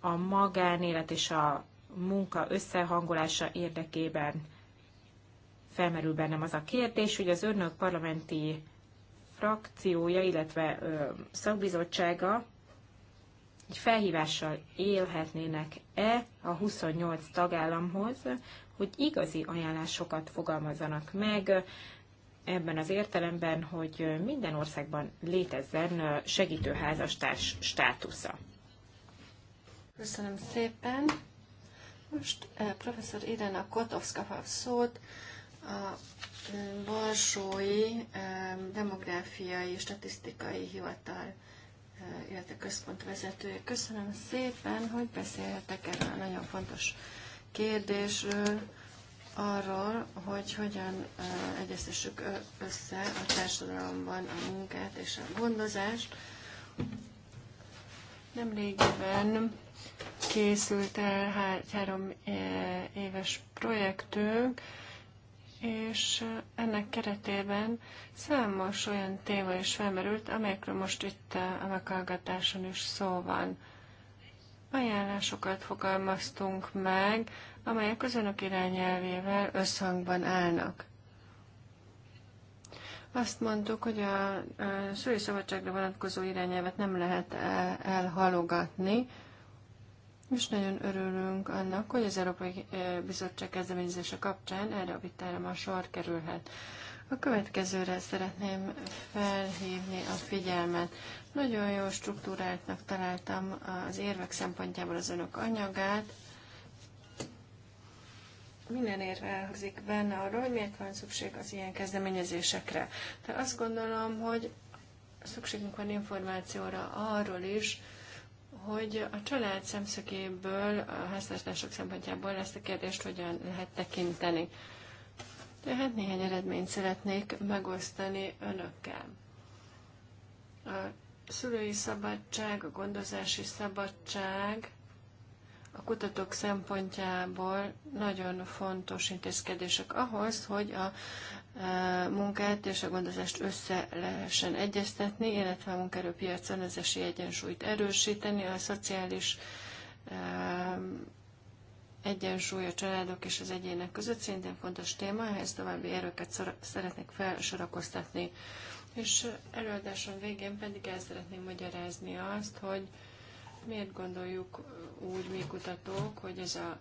a magánélet és a munka összehangolása érdekében felmerül bennem az a kérdés, hogy az önök parlamenti frakciója, illetve ö, szakbizottsága egy felhívással élhetnének-e a 28 tagállamhoz, hogy igazi ajánlásokat fogalmazzanak meg ebben az értelemben, hogy minden országban létezzen segítőházastárs státusza. Köszönöm szépen. Most eh, professzor Irena Kotovska kap szót a Borsói eh, eh, Demográfiai és Statisztikai Hivatal eh, illetve központ vezetője. Köszönöm szépen, hogy beszélhetek erről a nagyon fontos kérdésről, arról, hogy hogyan eh, egyeztessük össze a társadalomban a munkát és a gondozást Nemrégiben készült el három e, éves projektünk, és ennek keretében számos olyan téma is felmerült, amelyekről most itt a meghallgatáson is szó van. Ajánlásokat fogalmaztunk meg, amelyek az önök irányelvével összhangban állnak. Azt mondtuk, hogy a, a szüli szabadságra vonatkozó irányelvet nem lehet e, elhalogatni, és nagyon örülünk annak, hogy az Európai e, Bizottság kezdeményezése kapcsán erre a vitára ma sor kerülhet. A következőre szeretném felhívni a figyelmet. Nagyon jó struktúráltnak találtam az érvek szempontjából az önök anyagát, minden érve elhangzik benne arról, hogy miért van szükség az ilyen kezdeményezésekre. De azt gondolom, hogy szükségünk van információra arról is, hogy a család szemszögéből, a háztartások szempontjából ezt a kérdést hogyan lehet tekinteni. Tehát néhány eredményt szeretnék megosztani önökkel. A szülői szabadság, a gondozási szabadság a kutatók szempontjából nagyon fontos intézkedések ahhoz, hogy a e, munkát és a gondozást össze lehessen egyeztetni, illetve a munkaerőpiacon az esély egyensúlyt erősíteni, a szociális e, egyensúly a családok és az egyének között szintén fontos téma, ehhez további erőket szeretnék felsorakoztatni. És előadásom végén pedig el szeretném magyarázni azt, hogy Miért gondoljuk úgy mi kutatók, hogy ez a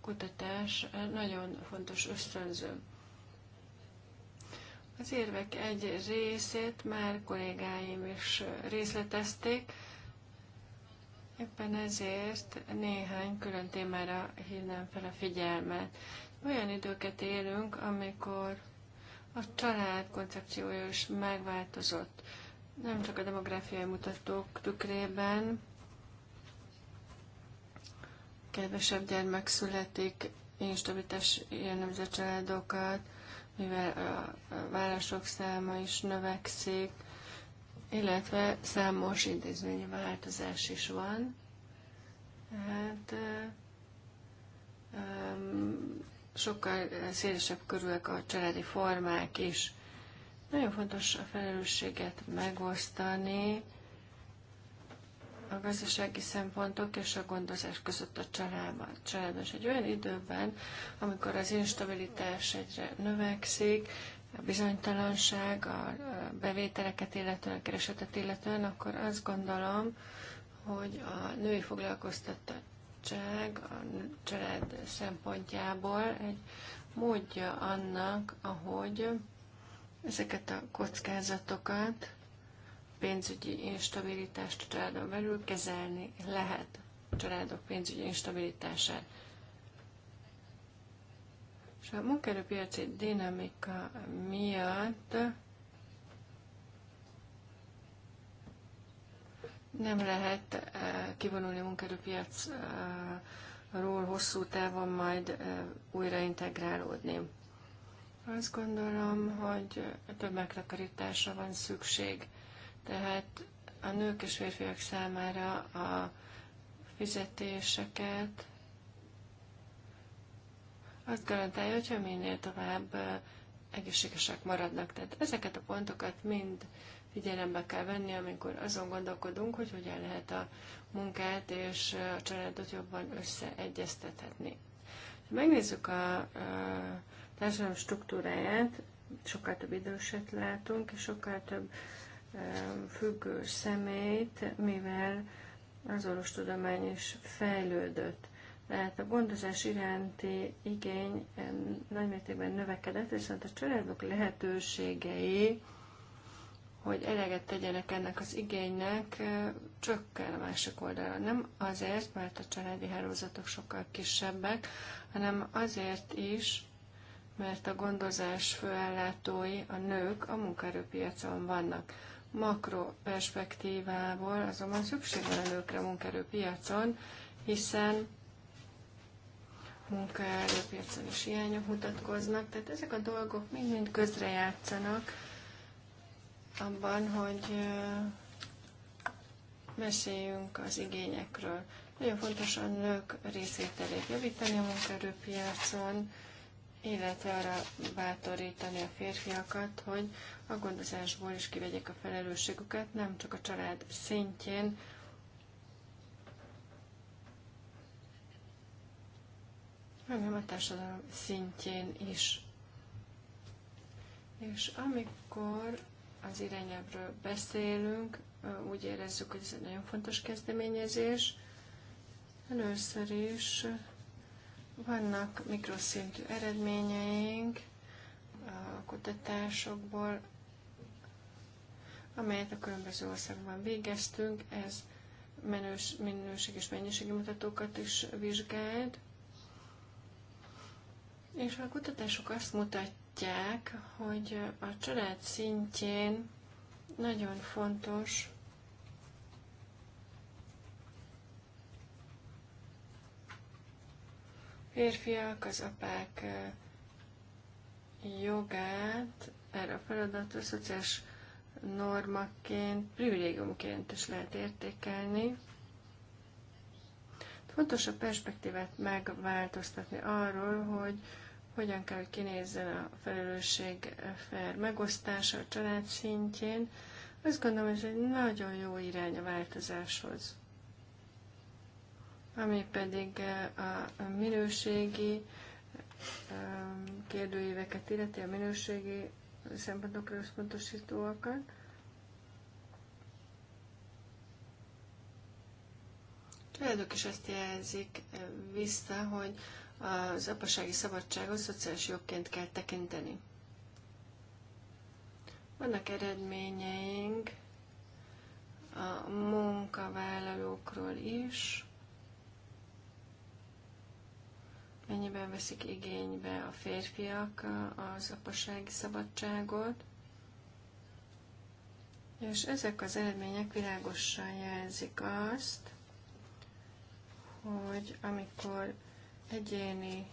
kutatás nagyon fontos ösztönző? Az érvek egy részét már kollégáim is részletezték, éppen ezért néhány külön témára hívnám fel a figyelmet. Olyan időket élünk, amikor a család koncepciója is megváltozott nem csak a demográfiai mutatók tükrében, kevesebb gyermek születik, instabilitás jellemző családokat, mivel a vállások száma is növekszik, illetve számos intézményi változás is van. Hát sokkal szélesebb körülök a családi formák is. Nagyon fontos a felelősséget megosztani a gazdasági szempontok és a gondozás között a családban. családban. És egy olyan időben, amikor az instabilitás egyre növekszik, a bizonytalanság, a bevételeket illetően, a keresetet illetően, akkor azt gondolom, hogy a női foglalkoztatottság a család szempontjából egy módja annak, ahogy ezeket a kockázatokat, pénzügyi instabilitást a családon belül kezelni lehet a családok pénzügyi instabilitását. És a munkaerőpiaci dinamika miatt nem lehet eh, kivonulni a munkaerőpiacról hosszú távon majd eh, újraintegrálódni. Azt gondolom, hogy több megtakarításra van szükség. Tehát a nők és férfiak számára a fizetéseket azt garantálja, hogyha minél tovább egészségesek maradnak. Tehát ezeket a pontokat mind figyelembe kell venni, amikor azon gondolkodunk, hogy hogyan lehet a munkát és a családot jobban összeegyeztethetni. Ha megnézzük a, a társadalom struktúráját, sokkal több időset látunk, és sokkal több függő személyt, mivel az tudomány is fejlődött. Tehát a gondozás iránti igény nagymértékben növekedett, viszont a családok lehetőségei, hogy eleget tegyenek ennek az igénynek, csökken a másik oldalra. Nem azért, mert a családi hálózatok sokkal kisebbek, hanem azért is, mert a gondozás főellátói, a nők a munkaerőpiacon vannak. Makro perspektívából azonban szükség van a nőkre a munkaerőpiacon, hiszen munkaerőpiacon is hiányok mutatkoznak, tehát ezek a dolgok mind-mind közrejátszanak abban, hogy meséljünk az igényekről. Nagyon fontos a nők részvételét javítani a munkaerőpiacon, illetve arra bátorítani a férfiakat, hogy a gondozásból is kivegyék a felelősségüket, nem csak a család szintjén, hanem a társadalom szintjén is. És amikor az irányelvről beszélünk, úgy érezzük, hogy ez egy nagyon fontos kezdeményezés. Először is vannak mikroszintű eredményeink a kutatásokból, amelyet a különböző országban végeztünk. Ez menős, minőség és mennyiségi mutatókat is vizsgált. És a kutatások azt mutatják, hogy a család szintjén nagyon fontos férfiak, az apák jogát erre a feladatra szociális normaként, privilégiumként is lehet értékelni. Fontos a perspektívát megváltoztatni arról, hogy hogyan kell, hogy kinézzen a felelősség fel megosztása a család szintjén. Azt gondolom, ez egy nagyon jó irány a változáshoz ami pedig eh, a minőségi eh, kérdőíveket illeti, a minőségi szempontokra összpontosítóakat. Tulajdonképpen is azt jelzik eh, vissza, hogy az apasági szabadságot szociális jogként kell tekinteni. Vannak eredményeink a munkavállalókról is, mennyiben veszik igénybe a férfiak az apasági szabadságot, és ezek az eredmények világosan jelzik azt, hogy amikor egyéni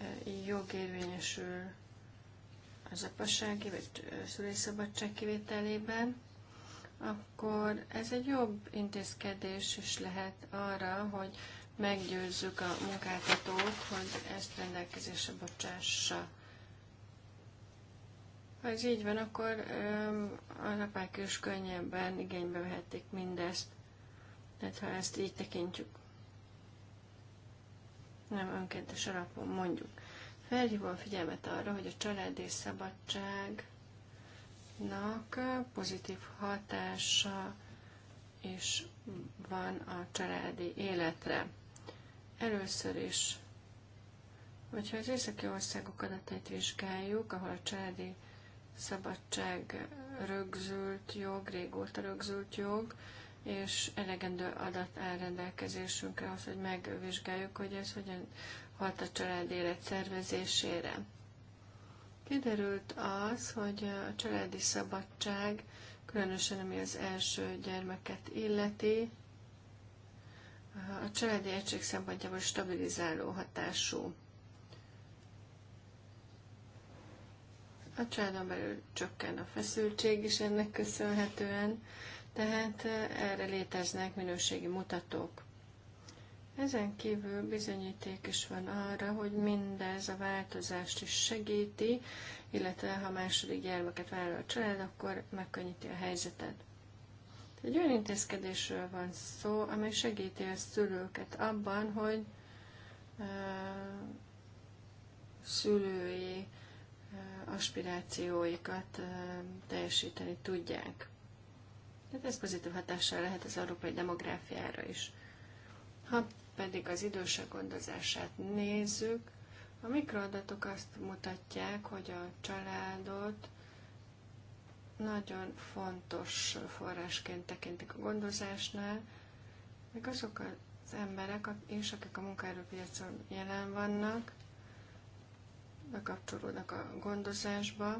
e, jog érvényesül az apassági vagy e, szülői szabadság kivételében, akkor ez egy jobb intézkedés is lehet arra, hogy meggyőzzük a munkáltatót, hogy ezt rendelkezésre bocsássa. Ha ez így van, akkor az apák is könnyebben igénybe vehetik mindezt. Tehát ha ezt így tekintjük, nem önkéntes alapon mondjuk. Felhívom figyelmet arra, hogy a család és szabadságnak pozitív hatása és van a családi életre. Először is, hogyha az északi országok adatait vizsgáljuk, ahol a családi szabadság rögzült jog, régóta rögzült jog, és elegendő adat áll rendelkezésünkre ahhoz, hogy megvizsgáljuk, hogy ez hogyan hat a család élet szervezésére. Kiderült az, hogy a családi szabadság, különösen ami az első gyermeket illeti, a családi egység szempontjából stabilizáló hatású. A családon belül csökken a feszültség is ennek köszönhetően, tehát eh, erre léteznek minőségi mutatók. Ezen kívül bizonyíték is van arra, hogy mindez a változást is segíti, illetve ha második gyermeket vállal a család, akkor megkönnyíti a helyzetet. Egy olyan intézkedésről van szó, amely segíti a szülőket abban, hogy uh, szülői uh, aspirációikat uh, teljesíteni tudják. Tehát ez pozitív hatással lehet az európai demográfiára is. Ha pedig az idősek gondozását nézzük, a mikroadatok azt mutatják, hogy a családot nagyon fontos forrásként tekintik a gondozásnál, meg azok az emberek és akik a munkaerőpiacon jelen vannak, bekapcsolódnak a gondozásba,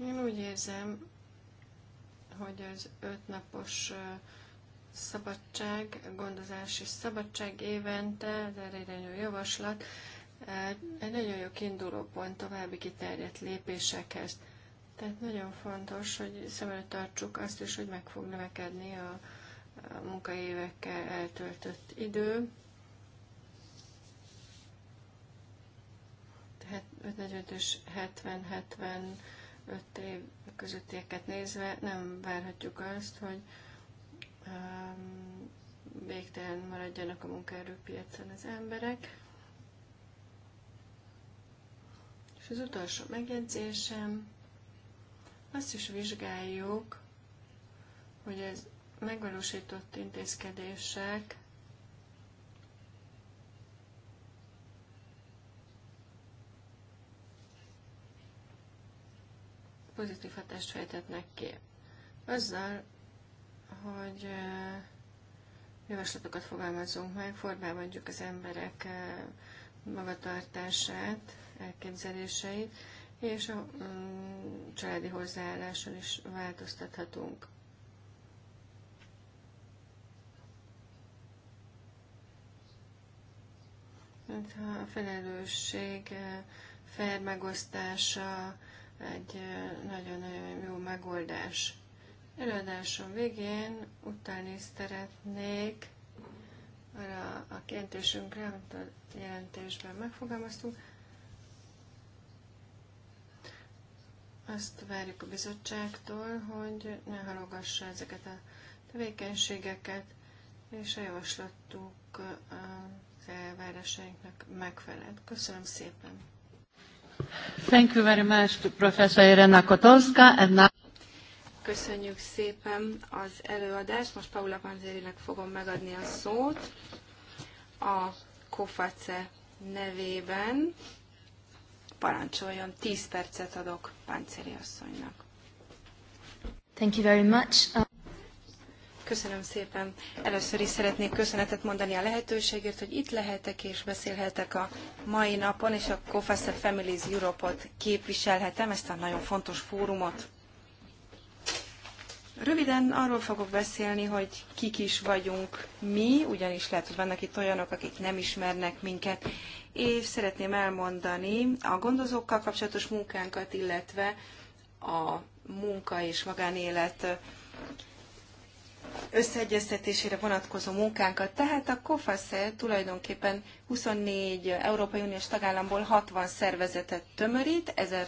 Én úgy érzem, hogy az ötnapos szabadság, gondozási szabadság évente, az erre jó javaslat, egy nagyon jó kiinduló pont további kiterjedt lépésekhez. Tehát nagyon fontos, hogy szem előtt tartsuk azt is, hogy meg fog növekedni a, a munkaévekkel eltöltött idő. Tehát 55 és 70-75 év közöttieket nézve nem várhatjuk azt, hogy végtelen maradjanak a munkaerőpiacon az emberek. És az utolsó megjegyzésem, azt is vizsgáljuk, hogy ez megvalósított intézkedések pozitív hatást fejtetnek ki. Azzal hogy javaslatokat fogalmazunk meg, formába adjuk az emberek magatartását, elképzeléseit, és a mm, családi hozzáálláson is változtathatunk. Hát, ha a felelősség fair megosztása egy nagyon-nagyon jó megoldás. Előadásom végén utáni szeretnék arra a kérdésünkre, amit a jelentésben megfogalmaztunk. Azt várjuk a bizottságtól, hogy ne halogassa ezeket a tevékenységeket, és a javaslattuk az elvárásainknak megfelelt. Köszönöm szépen! Thank you very much to Professor Irena Kotowska and now... Köszönjük szépen az előadást. Most Paula Panzerinek fogom megadni a szót a Koface nevében. Parancsoljon, 10 percet adok Panzeri asszonynak. Thank you very much. Köszönöm szépen. Először is szeretnék köszönetet mondani a lehetőségért, hogy itt lehetek és beszélhetek a mai napon, és a COFASE Families Europe-ot képviselhetem, ezt a nagyon fontos fórumot. Röviden arról fogok beszélni, hogy kik is vagyunk mi, ugyanis lehet, hogy vannak itt olyanok, akik nem ismernek minket, és szeretném elmondani a gondozókkal kapcsolatos munkánkat, illetve a munka és magánélet összeegyeztetésére vonatkozó munkánkat. Tehát a COFASZE tulajdonképpen 24 Európai Uniós tagállamból 60 szervezetet tömörít, 1000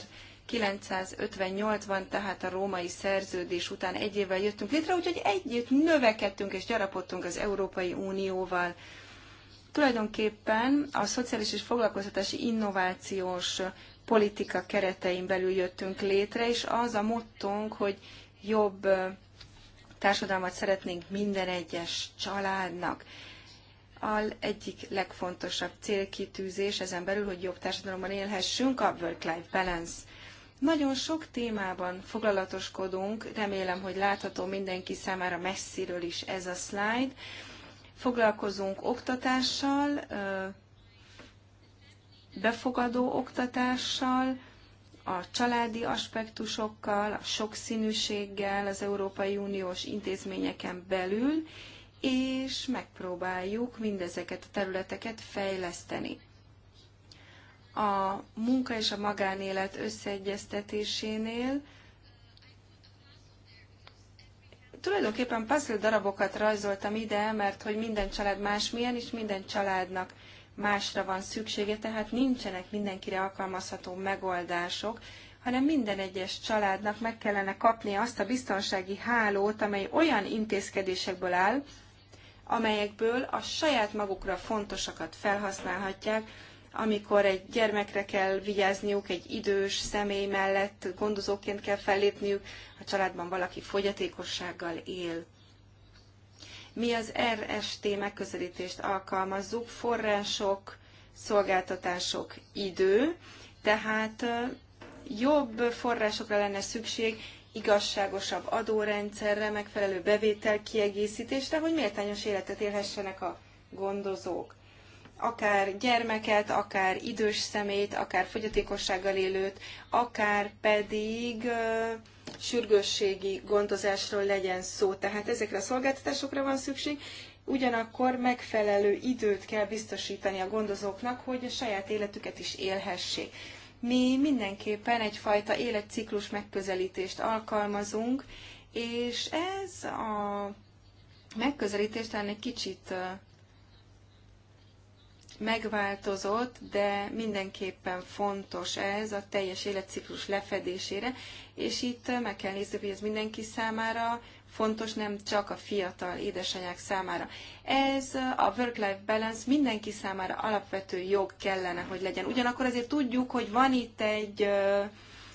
958-ban, tehát a római szerződés után egy évvel jöttünk létre, úgyhogy együtt növekedtünk és gyarapodtunk az Európai Unióval. Tulajdonképpen a szociális és foglalkoztatási innovációs politika keretein belül jöttünk létre, és az a mottunk, hogy jobb társadalmat szeretnénk minden egyes családnak al egyik legfontosabb célkitűzés ezen belül, hogy jobb társadalomban élhessünk, a work-life balance. Nagyon sok témában foglalatoskodunk, remélem, hogy látható mindenki számára messziről is ez a slide. Foglalkozunk oktatással, befogadó oktatással, a családi aspektusokkal, a sokszínűséggel az Európai Uniós intézményeken belül, és megpróbáljuk mindezeket a területeket fejleszteni a munka és a magánélet összeegyeztetésénél tulajdonképpen puzzle darabokat rajzoltam ide, mert hogy minden család másmilyen, és minden családnak másra van szüksége, tehát nincsenek mindenkire alkalmazható megoldások, hanem minden egyes családnak meg kellene kapnia azt a biztonsági hálót, amely olyan intézkedésekből áll, amelyekből a saját magukra fontosakat felhasználhatják, amikor egy gyermekre kell vigyázniuk, egy idős személy mellett gondozóként kell fellépniük, a családban valaki fogyatékossággal él. Mi az RST megközelítést alkalmazzuk, források, szolgáltatások, idő, tehát jobb forrásokra lenne szükség, igazságosabb adórendszerre, megfelelő bevétel kiegészítésre, hogy méltányos életet élhessenek a gondozók akár gyermeket, akár idős szemét, akár fogyatékossággal élőt, akár pedig sürgősségi gondozásról legyen szó. Tehát ezekre a szolgáltatásokra van szükség, ugyanakkor megfelelő időt kell biztosítani a gondozóknak, hogy a saját életüket is élhessék. Mi mindenképpen egyfajta életciklus megközelítést alkalmazunk, és ez a megközelítés talán egy kicsit megváltozott, de mindenképpen fontos ez a teljes életciklus lefedésére, és itt meg kell nézni, hogy ez mindenki számára fontos, nem csak a fiatal édesanyák számára. Ez a work-life balance mindenki számára alapvető jog kellene, hogy legyen. Ugyanakkor azért tudjuk, hogy van itt egy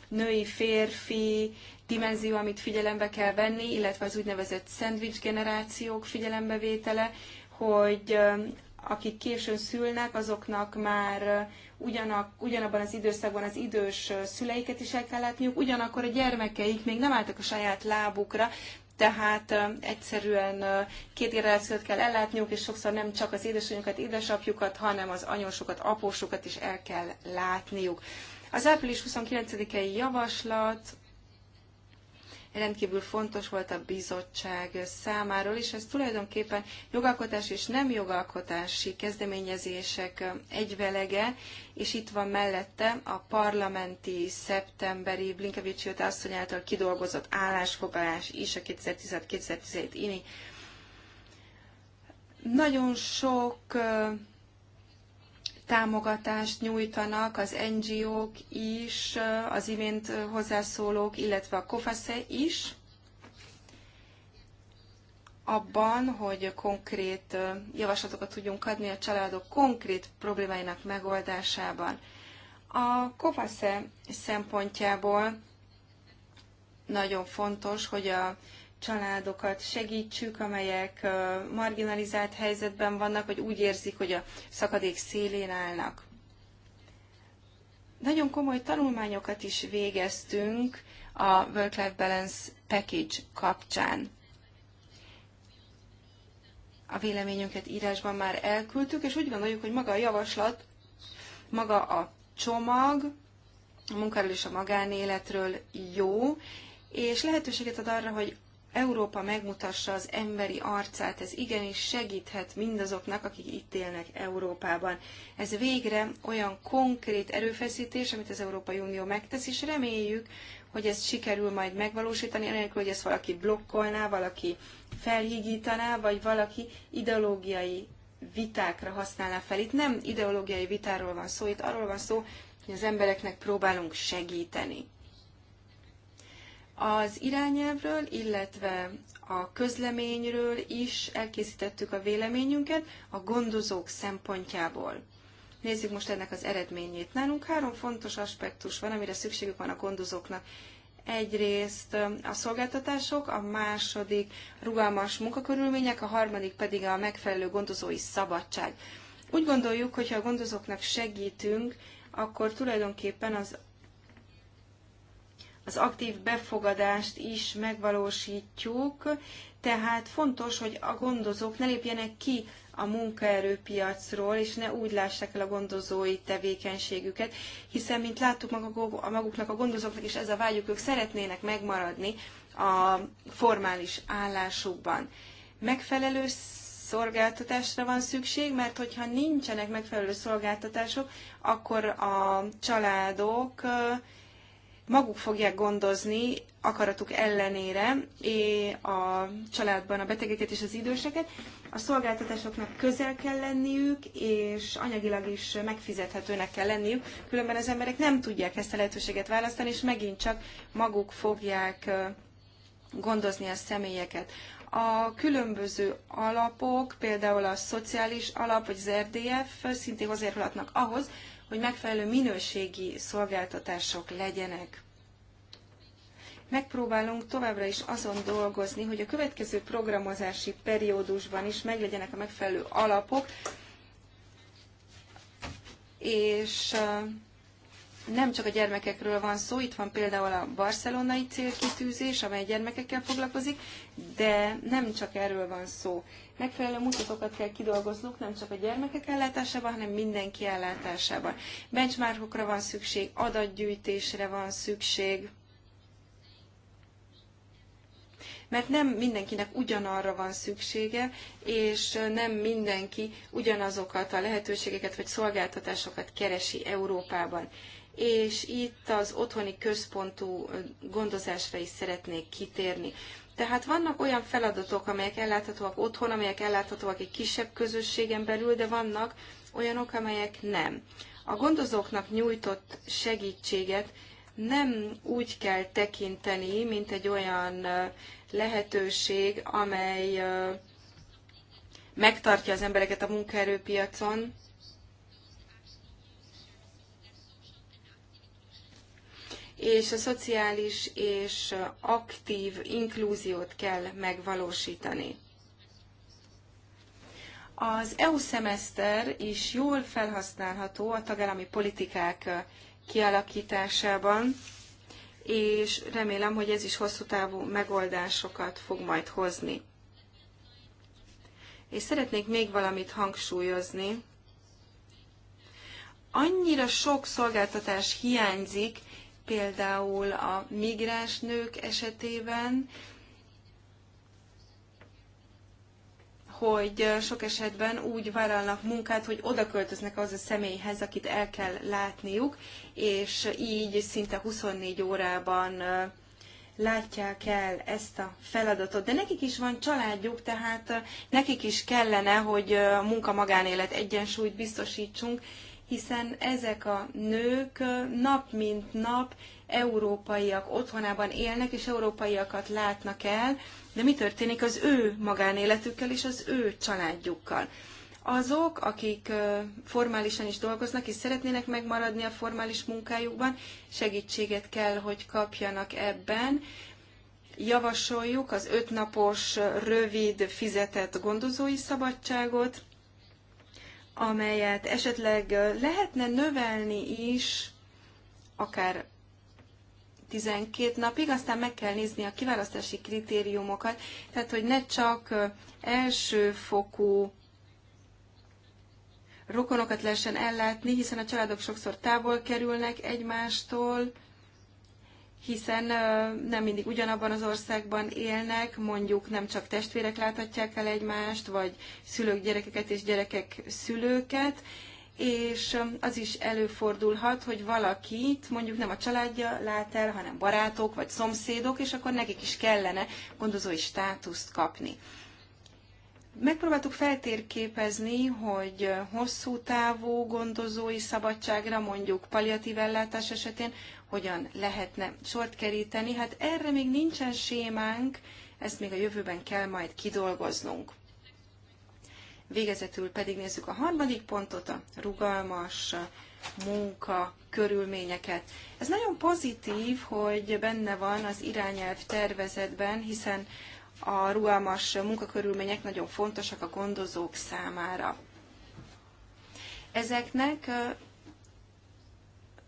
női, férfi dimenzió, amit figyelembe kell venni, illetve az úgynevezett szendvics generációk figyelembevétele, hogy akik későn szülnek, azoknak már ugyanak, ugyanabban az időszakban az idős szüleiket is el kell látniuk, ugyanakkor a gyermekeik még nem álltak a saját lábukra, tehát egyszerűen két generációt kell ellátniuk, és sokszor nem csak az édesanyjukat, édesapjukat, hanem az anyósokat, apósokat is el kell látniuk. Az április 29-i javaslat rendkívül fontos volt a bizottság számáról, és ez tulajdonképpen jogalkotás és nem jogalkotási kezdeményezések egyvelege, és itt van mellette a parlamenti szeptemberi Blinkevics Jutta asszony által kidolgozott állásfoglalás is a 2016-2017 ini. Nagyon sok támogatást nyújtanak az NGO-k is, az imént hozzászólók, illetve a COFASZE is, abban, hogy konkrét javaslatokat tudjunk adni a családok konkrét problémáinak megoldásában. A COFASZE szempontjából nagyon fontos, hogy a családokat segítsük, amelyek marginalizált helyzetben vannak, vagy úgy érzik, hogy a szakadék szélén állnak. Nagyon komoly tanulmányokat is végeztünk a Work-Life Balance Package kapcsán. A véleményünket írásban már elküldtük, és úgy gondoljuk, hogy maga a javaslat, maga a csomag, a munkáról és a magánéletről jó, és lehetőséget ad arra, hogy Európa megmutassa az emberi arcát, ez igenis segíthet mindazoknak, akik itt élnek Európában. Ez végre olyan konkrét erőfeszítés, amit az Európai Unió megtesz, és reméljük, hogy ezt sikerül majd megvalósítani, anélkül, hogy ezt valaki blokkolná, valaki felhígítaná, vagy valaki ideológiai vitákra használná fel. Itt nem ideológiai vitáról van szó, itt arról van szó, hogy az embereknek próbálunk segíteni. Az irányelvről, illetve a közleményről is elkészítettük a véleményünket a gondozók szempontjából. Nézzük most ennek az eredményét. Nálunk három fontos aspektus van, amire szükségük van a gondozóknak. Egyrészt a szolgáltatások, a második rugalmas munkakörülmények, a harmadik pedig a megfelelő gondozói szabadság. Úgy gondoljuk, hogy ha a gondozóknak segítünk, akkor tulajdonképpen az az aktív befogadást is megvalósítjuk, tehát fontos, hogy a gondozók ne lépjenek ki a munkaerőpiacról, és ne úgy lássák el a gondozói tevékenységüket, hiszen, mint láttuk maguknak a gondozóknak, és ez a vágyuk, ők szeretnének megmaradni a formális állásukban. Megfelelő szolgáltatásra van szükség, mert hogyha nincsenek megfelelő szolgáltatások, akkor a családok maguk fogják gondozni akaratuk ellenére a családban a betegeket és az időseket. A szolgáltatásoknak közel kell lenniük, és anyagilag is megfizethetőnek kell lenniük, különben az emberek nem tudják ezt a lehetőséget választani, és megint csak maguk fogják gondozni a személyeket. A különböző alapok, például a szociális alap vagy az RDF szintén hozzájárulhatnak ahhoz, hogy megfelelő minőségi szolgáltatások legyenek. Megpróbálunk továbbra is azon dolgozni, hogy a következő programozási periódusban is meglegyenek a megfelelő alapok, és nem csak a gyermekekről van szó, itt van például a barcelonai célkitűzés, amely gyermekekkel foglalkozik, de nem csak erről van szó. Megfelelő mutatókat kell kidolgoznunk nem csak a gyermekek ellátásában, hanem mindenki ellátásában. Benchmarkokra van szükség, adatgyűjtésre van szükség, mert nem mindenkinek ugyanarra van szüksége, és nem mindenki ugyanazokat a lehetőségeket vagy szolgáltatásokat keresi Európában. És itt az otthoni központú gondozásra is szeretnék kitérni. Tehát vannak olyan feladatok, amelyek elláthatóak otthon, amelyek elláthatóak egy kisebb közösségen belül, de vannak olyanok, amelyek nem. A gondozóknak nyújtott segítséget nem úgy kell tekinteni, mint egy olyan lehetőség, amely megtartja az embereket a munkaerőpiacon, és a szociális és aktív inklúziót kell megvalósítani. Az EU szemeszter is jól felhasználható a tagállami politikák kialakításában, és remélem, hogy ez is hosszú távú megoldásokat fog majd hozni. És szeretnék még valamit hangsúlyozni. Annyira sok szolgáltatás hiányzik, például a migráns nők esetében, hogy sok esetben úgy vállalnak munkát, hogy oda költöznek az a személyhez, akit el kell látniuk, és így szinte 24 órában látják el ezt a feladatot. De nekik is van családjuk, tehát nekik is kellene, hogy munka-magánélet egyensúlyt biztosítsunk, hiszen ezek a nők nap mint nap európaiak otthonában élnek, és európaiakat látnak el, de mi történik az ő magánéletükkel és az ő családjukkal? Azok, akik formálisan is dolgoznak, és szeretnének megmaradni a formális munkájukban, segítséget kell, hogy kapjanak ebben. Javasoljuk az ötnapos, rövid, fizetett gondozói szabadságot, amelyet esetleg lehetne növelni is, akár 12 napig, aztán meg kell nézni a kiválasztási kritériumokat, tehát hogy ne csak elsőfokú rokonokat lehessen ellátni, hiszen a családok sokszor távol kerülnek egymástól, hiszen nem mindig ugyanabban az országban élnek, mondjuk nem csak testvérek láthatják el egymást, vagy szülők gyerekeket és gyerekek szülőket, és az is előfordulhat, hogy valakit mondjuk nem a családja lát el, hanem barátok vagy szomszédok, és akkor nekik is kellene gondozói státuszt kapni. Megpróbáltuk feltérképezni, hogy hosszú távú gondozói szabadságra, mondjuk palliatív ellátás esetén hogyan lehetne sort keríteni. Hát erre még nincsen sémánk, ezt még a jövőben kell majd kidolgoznunk. Végezetül pedig nézzük a harmadik pontot, a rugalmas munka körülményeket. Ez nagyon pozitív, hogy benne van az irányelv tervezetben, hiszen a rugalmas munkakörülmények nagyon fontosak a gondozók számára. Ezeknek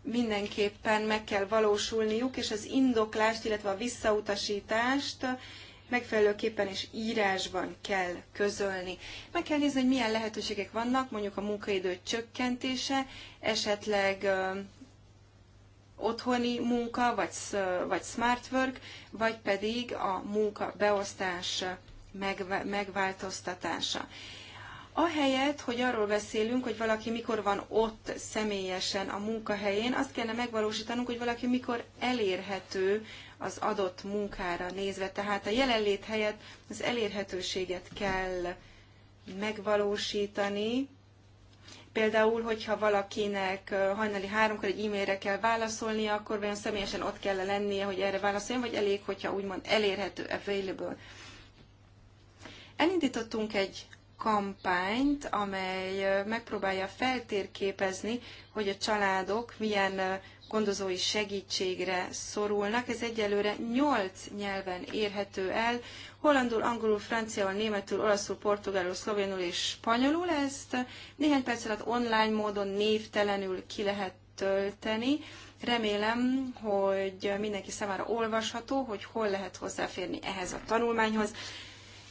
mindenképpen meg kell valósulniuk, és az indoklást, illetve a visszautasítást megfelelőképpen és írásban kell közölni. Meg kell nézni, hogy milyen lehetőségek vannak, mondjuk a munkaidő csökkentése, esetleg otthoni munka, vagy, vagy smart work, vagy pedig a munka beosztás megváltoztatása. Ahelyett, hogy arról beszélünk, hogy valaki mikor van ott személyesen a munkahelyén, azt kellene megvalósítanunk, hogy valaki mikor elérhető az adott munkára nézve. Tehát a jelenlét helyett az elérhetőséget kell megvalósítani. Például, hogyha valakinek hajnali háromkor egy e-mailre kell válaszolnia, akkor vajon személyesen ott kell lennie, hogy erre válaszoljon, vagy elég, hogyha úgymond elérhető, available. Elindítottunk egy kampányt, amely megpróbálja feltérképezni, hogy a családok milyen gondozói segítségre szorulnak. Ez egyelőre 8 nyelven érhető el. Hollandul, angolul, franciául, németül, olaszul, portugálul, szlovénul és spanyolul. Ezt néhány perc alatt online módon névtelenül ki lehet tölteni. Remélem, hogy mindenki számára olvasható, hogy hol lehet hozzáférni ehhez a tanulmányhoz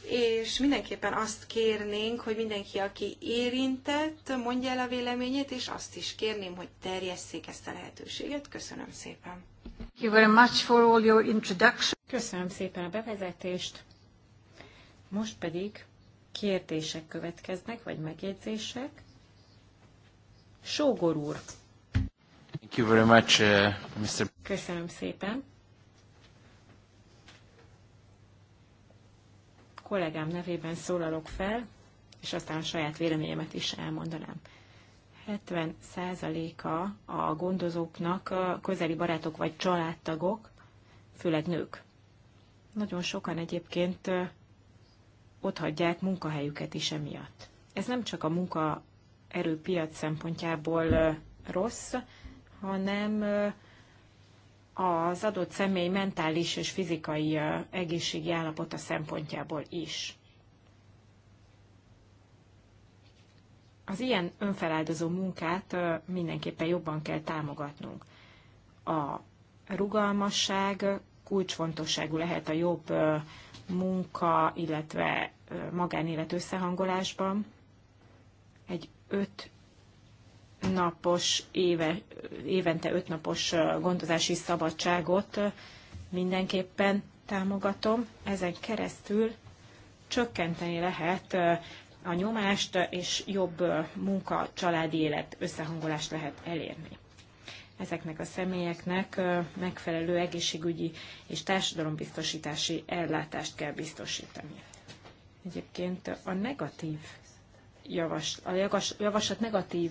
és mindenképpen azt kérnénk, hogy mindenki, aki érintett, mondja el a véleményét, és azt is kérném, hogy terjesszék ezt a lehetőséget. Köszönöm szépen. Thank you very much for all your introduction. Köszönöm szépen a bevezetést. Most pedig kérdések következnek, vagy megjegyzések. Sógor úr. Thank you very much, uh, Mr. Köszönöm szépen. kollégám nevében szólalok fel, és aztán a saját véleményemet is elmondanám. 70%-a a gondozóknak közeli barátok vagy családtagok, főleg nők. Nagyon sokan egyébként ott hagyják munkahelyüket is emiatt. Ez nem csak a munkaerőpiac szempontjából rossz, hanem az adott személy mentális és fizikai egészségi állapota szempontjából is. Az ilyen önfeláldozó munkát mindenképpen jobban kell támogatnunk. A rugalmasság kulcsfontosságú lehet a jobb munka, illetve magánélet összehangolásban. Egy öt napos, éve, évente ötnapos gondozási szabadságot mindenképpen támogatom. Ezen keresztül csökkenteni lehet a nyomást, és jobb munka, családi élet összehangolást lehet elérni. Ezeknek a személyeknek megfelelő egészségügyi és társadalombiztosítási ellátást kell biztosítani. Egyébként a negatív javaslat, a javaslat negatív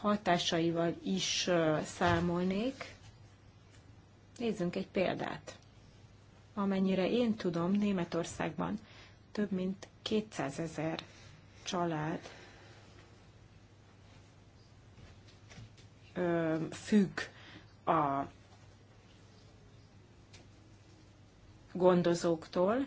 hatásaival is számolnék. Nézzünk egy példát. Amennyire én tudom, Németországban több mint 200 ezer család függ a gondozóktól,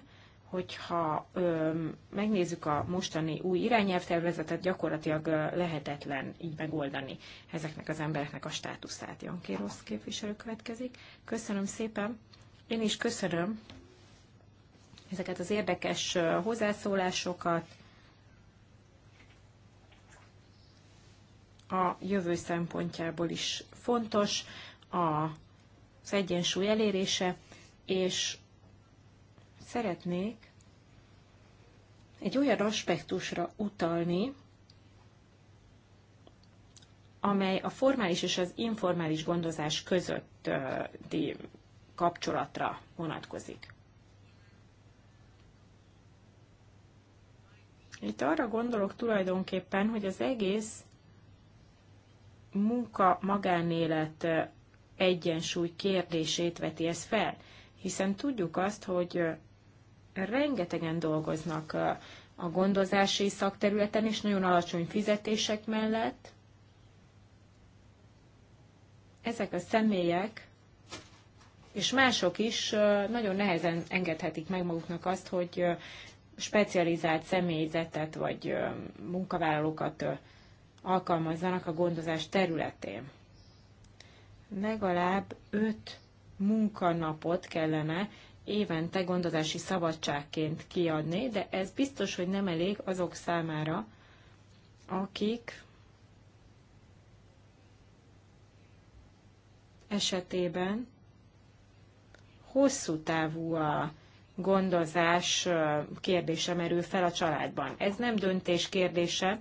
hogyha ö, megnézzük a mostani új irányelvtervezetet, gyakorlatilag ö, lehetetlen így megoldani ezeknek az embereknek a státuszát. Janké Rossz képviselő következik. Köszönöm szépen. Én is köszönöm ezeket az érdekes ö, hozzászólásokat. A jövő szempontjából is fontos a, az egyensúly elérése, és Szeretnék egy olyan aspektusra utalni, amely a formális és az informális gondozás közötti kapcsolatra vonatkozik. Itt arra gondolok tulajdonképpen, hogy az egész munka-magánélet egyensúly kérdését veti ez fel, hiszen tudjuk azt, hogy rengetegen dolgoznak a gondozási szakterületen, és nagyon alacsony fizetések mellett. Ezek a személyek, és mások is nagyon nehezen engedhetik meg maguknak azt, hogy specializált személyzetet vagy munkavállalókat alkalmazzanak a gondozás területén. Legalább öt munkanapot kellene évente gondozási szabadságként kiadni, de ez biztos, hogy nem elég azok számára, akik esetében hosszú távú a gondozás kérdése merül fel a családban. Ez nem döntés kérdése,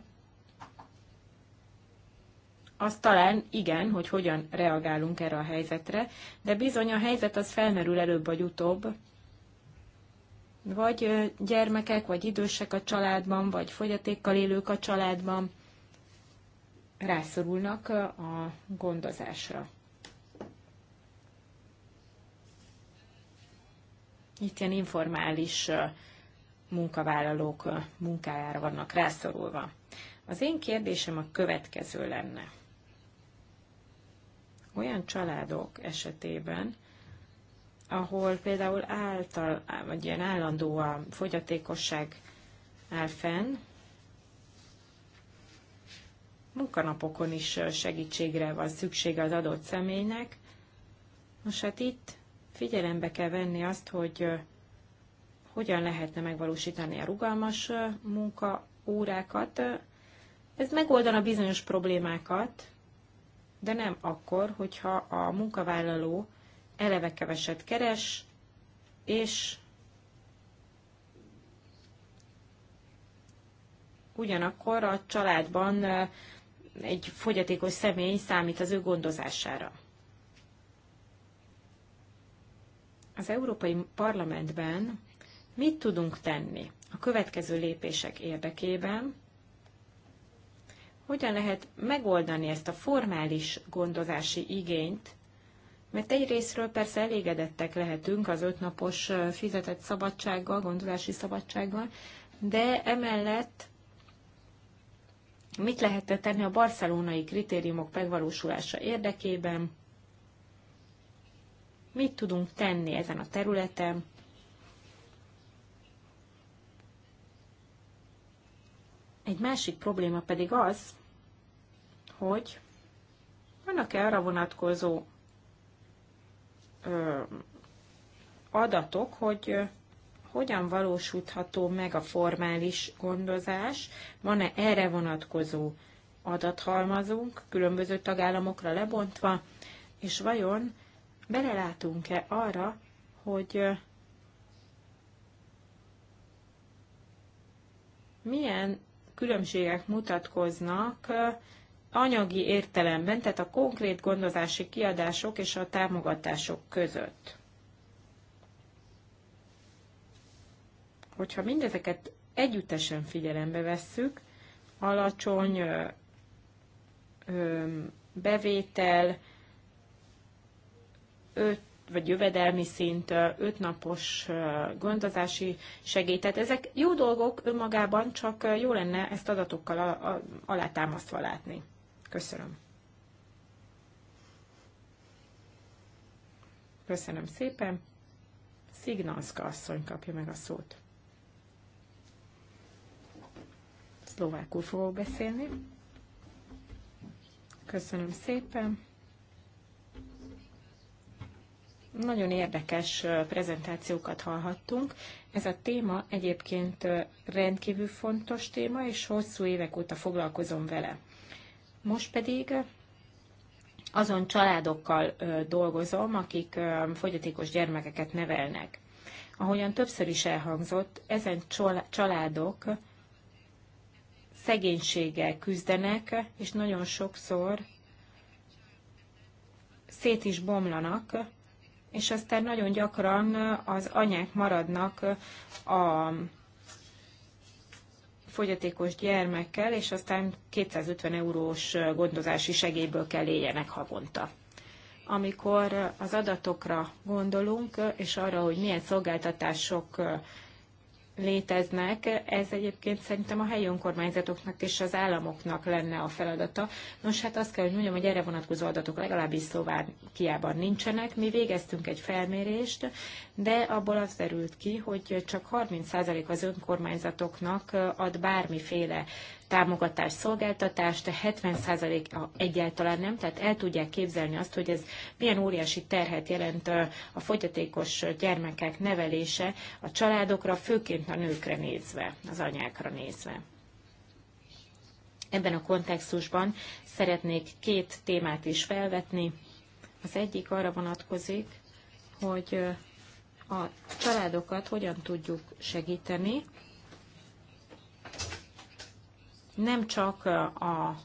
az talán igen, hogy hogyan reagálunk erre a helyzetre, de bizony a helyzet az felmerül előbb vagy utóbb. Vagy gyermekek, vagy idősek a családban, vagy fogyatékkal élők a családban rászorulnak a gondozásra. Itt ilyen informális munkavállalók munkájára vannak rászorulva. Az én kérdésem a következő lenne olyan családok esetében, ahol például által, vagy ilyen állandó a fogyatékosság áll fenn, munkanapokon is segítségre van szüksége az adott személynek. Most hát itt figyelembe kell venni azt, hogy hogyan lehetne megvalósítani a rugalmas munkaórákat. Ez megoldana bizonyos problémákat, de nem akkor, hogyha a munkavállaló eleve keveset keres, és ugyanakkor a családban egy fogyatékos személy számít az ő gondozására. Az Európai Parlamentben mit tudunk tenni a következő lépések érdekében, hogyan lehet megoldani ezt a formális gondozási igényt, mert egyrésztről persze elégedettek lehetünk az ötnapos fizetett szabadsággal, gondozási szabadsággal, de emellett mit lehet tenni a barcelonai kritériumok megvalósulása érdekében, mit tudunk tenni ezen a területen, Egy másik probléma pedig az, hogy vannak-e arra vonatkozó ö, adatok, hogy hogyan valósítható meg a formális gondozás, van-e erre vonatkozó adathalmazunk, különböző tagállamokra lebontva, és vajon belelátunk-e arra, hogy milyen különbségek mutatkoznak anyagi értelemben, tehát a konkrét gondozási kiadások és a támogatások között. Hogyha mindezeket együttesen figyelembe vesszük, alacsony bevétel, 5 vagy jövedelmi szint, ötnapos gondozási segély. Tehát ezek jó dolgok önmagában, csak jó lenne ezt adatokkal alátámasztva látni. Köszönöm. Köszönöm szépen. Szignanszka asszony kapja meg a szót. Szlovákul fogok beszélni. Köszönöm szépen. Nagyon érdekes prezentációkat hallhattunk. Ez a téma egyébként rendkívül fontos téma, és hosszú évek óta foglalkozom vele. Most pedig azon családokkal dolgozom, akik fogyatékos gyermekeket nevelnek. Ahogyan többször is elhangzott, ezen családok szegénységgel küzdenek, és nagyon sokszor szét is bomlanak, és aztán nagyon gyakran az anyák maradnak a fogyatékos gyermekkel, és aztán 250 eurós gondozási segélyből kell éljenek havonta. Amikor az adatokra gondolunk, és arra, hogy milyen szolgáltatások léteznek, ez egyébként szerintem a helyi önkormányzatoknak és az államoknak lenne a feladata. Nos, hát azt kell, hogy mondjam, hogy erre vonatkozó adatok legalábbis Szlovákiában nincsenek. Mi végeztünk egy felmérést, de abból az derült ki, hogy csak 30% az önkormányzatoknak ad bármiféle támogatás, szolgáltatást, 70%-a egyáltalán nem, tehát el tudják képzelni azt, hogy ez milyen óriási terhet jelent a fogyatékos gyermekek nevelése a családokra, főként a nőkre nézve, az anyákra nézve. Ebben a kontextusban szeretnék két témát is felvetni. Az egyik arra vonatkozik, hogy a családokat hogyan tudjuk segíteni, nem csak a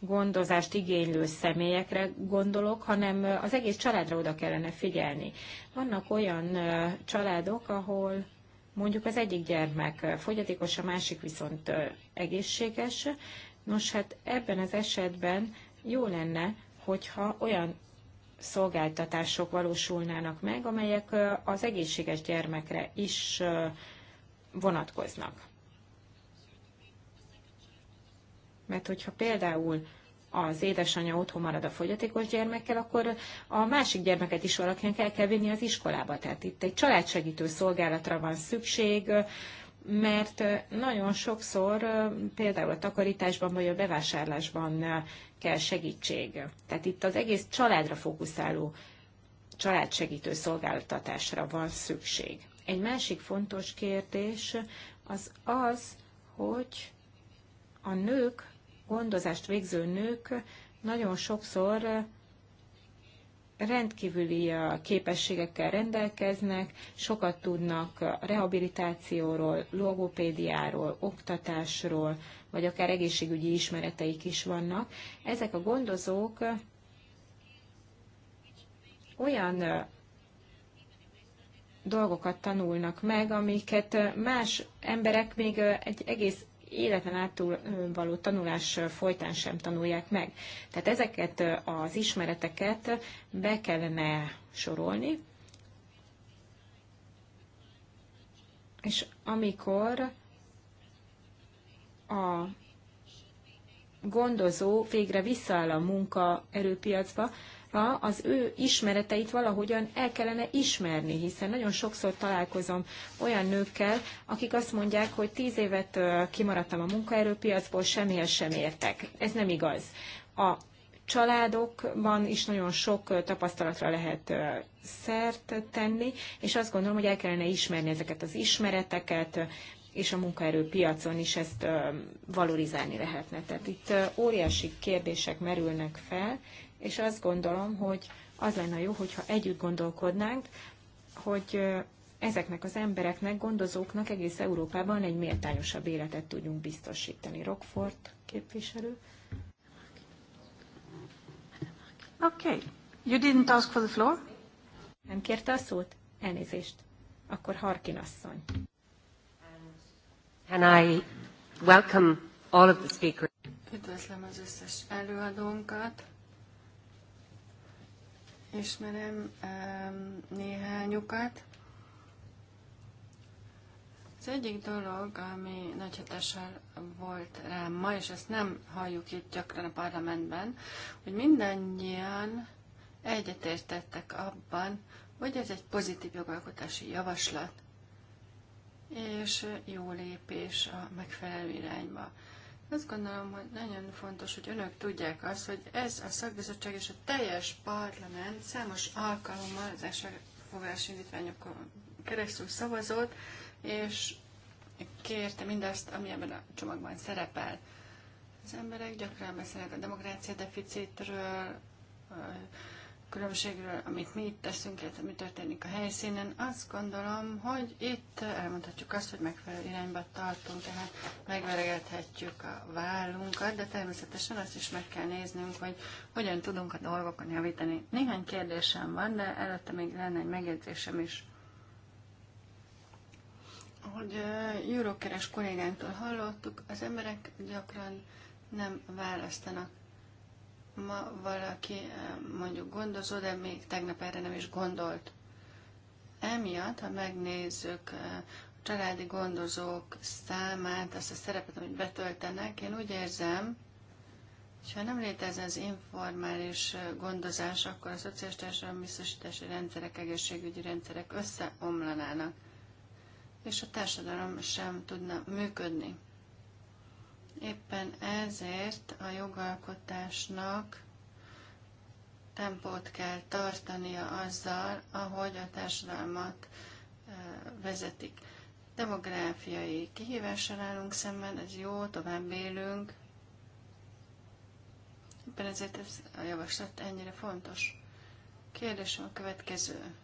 gondozást igénylő személyekre gondolok, hanem az egész családra oda kellene figyelni. Vannak olyan családok, ahol mondjuk az egyik gyermek fogyatékos, a másik viszont egészséges. Nos, hát ebben az esetben jó lenne, hogyha olyan szolgáltatások valósulnának meg, amelyek az egészséges gyermekre is vonatkoznak. Mert hogyha például az édesanyja otthon marad a fogyatékos gyermekkel, akkor a másik gyermeket is valakinek el kell vinni az iskolába. Tehát itt egy családsegítő szolgálatra van szükség, mert nagyon sokszor például a takarításban vagy a bevásárlásban kell segítség. Tehát itt az egész családra fókuszáló családsegítő szolgáltatásra van szükség. Egy másik fontos kérdés az az, hogy a nők gondozást végző nők nagyon sokszor rendkívüli uh, képességekkel rendelkeznek, sokat tudnak rehabilitációról, logopédiáról, oktatásról, vagy akár egészségügyi ismereteik is vannak. Ezek a gondozók olyan uh, dolgokat tanulnak meg, amiket uh, más emberek még egy egész életen átul való tanulás folytán sem tanulják meg. Tehát ezeket az ismereteket be kellene sorolni, és amikor a gondozó végre visszaáll a munkaerőpiacba, Európa az ő ismereteit valahogyan el kellene ismerni, hiszen nagyon sokszor találkozom olyan nőkkel, akik azt mondják, hogy tíz évet kimaradtam a munkaerőpiacból, semmihez sem értek. Ez nem igaz. A családokban is nagyon sok tapasztalatra lehet szert tenni, és azt gondolom, hogy el kellene ismerni ezeket az ismereteket, és a munkaerőpiacon is ezt valorizálni lehetne. Tehát itt óriási kérdések merülnek fel, és azt gondolom, hogy az lenne jó, hogyha együtt gondolkodnánk, hogy ezeknek az embereknek, gondozóknak egész Európában egy méltányosabb életet tudjunk biztosítani. Rockford képviselő. Okay. You didn't ask for the floor? Nem kérte a szót? Elnézést. Akkor Harkin asszony. And I welcome all of the speakers. Üdvözlöm az összes előadónkat ismerem ehm, néhányukat. Az egyik dolog, ami nagy hatással volt rám ma, és ezt nem halljuk itt gyakran a parlamentben, hogy mindannyian egyetértettek abban, hogy ez egy pozitív jogalkotási javaslat, és jó lépés a megfelelő irányba. Azt gondolom, hogy nagyon fontos, hogy önök tudják azt, hogy ez a szakbizottság és a teljes parlament számos alkalommal az esetfogás indítványokon keresztül szavazott, és kérte mindazt, ami ebben a csomagban szerepel. Az emberek gyakran beszélnek a demokrácia deficitről, különbségről, amit mi itt teszünk, illetve mi történik a helyszínen, azt gondolom, hogy itt elmondhatjuk azt, hogy megfelelő irányba tartunk, tehát megveregethetjük a vállunkat, de természetesen azt is meg kell néznünk, hogy hogyan tudunk a dolgokon javítani. Néhány kérdésem van, de előtte még lenne egy megjegyzésem is. Hogy uh, eurókeres kollégánktól hallottuk, az emberek gyakran nem választanak ma valaki eh, mondjuk gondozó, de még tegnap erre nem is gondolt. Emiatt, ha megnézzük eh, a családi gondozók számát, azt a szerepet, amit betöltenek, én úgy érzem, és ha nem létez az informális eh, gondozás, akkor a szociális társadalmi biztosítási rendszerek, egészségügyi rendszerek összeomlanának, és a társadalom sem tudna működni. Éppen ezért a jogalkotásnak tempót kell tartania azzal, ahogy a társadalmat vezetik. Demográfiai kihívással állunk szemben, ez jó, tovább élünk. Éppen ezért ez a javaslat ennyire fontos. Kérdésem a következő.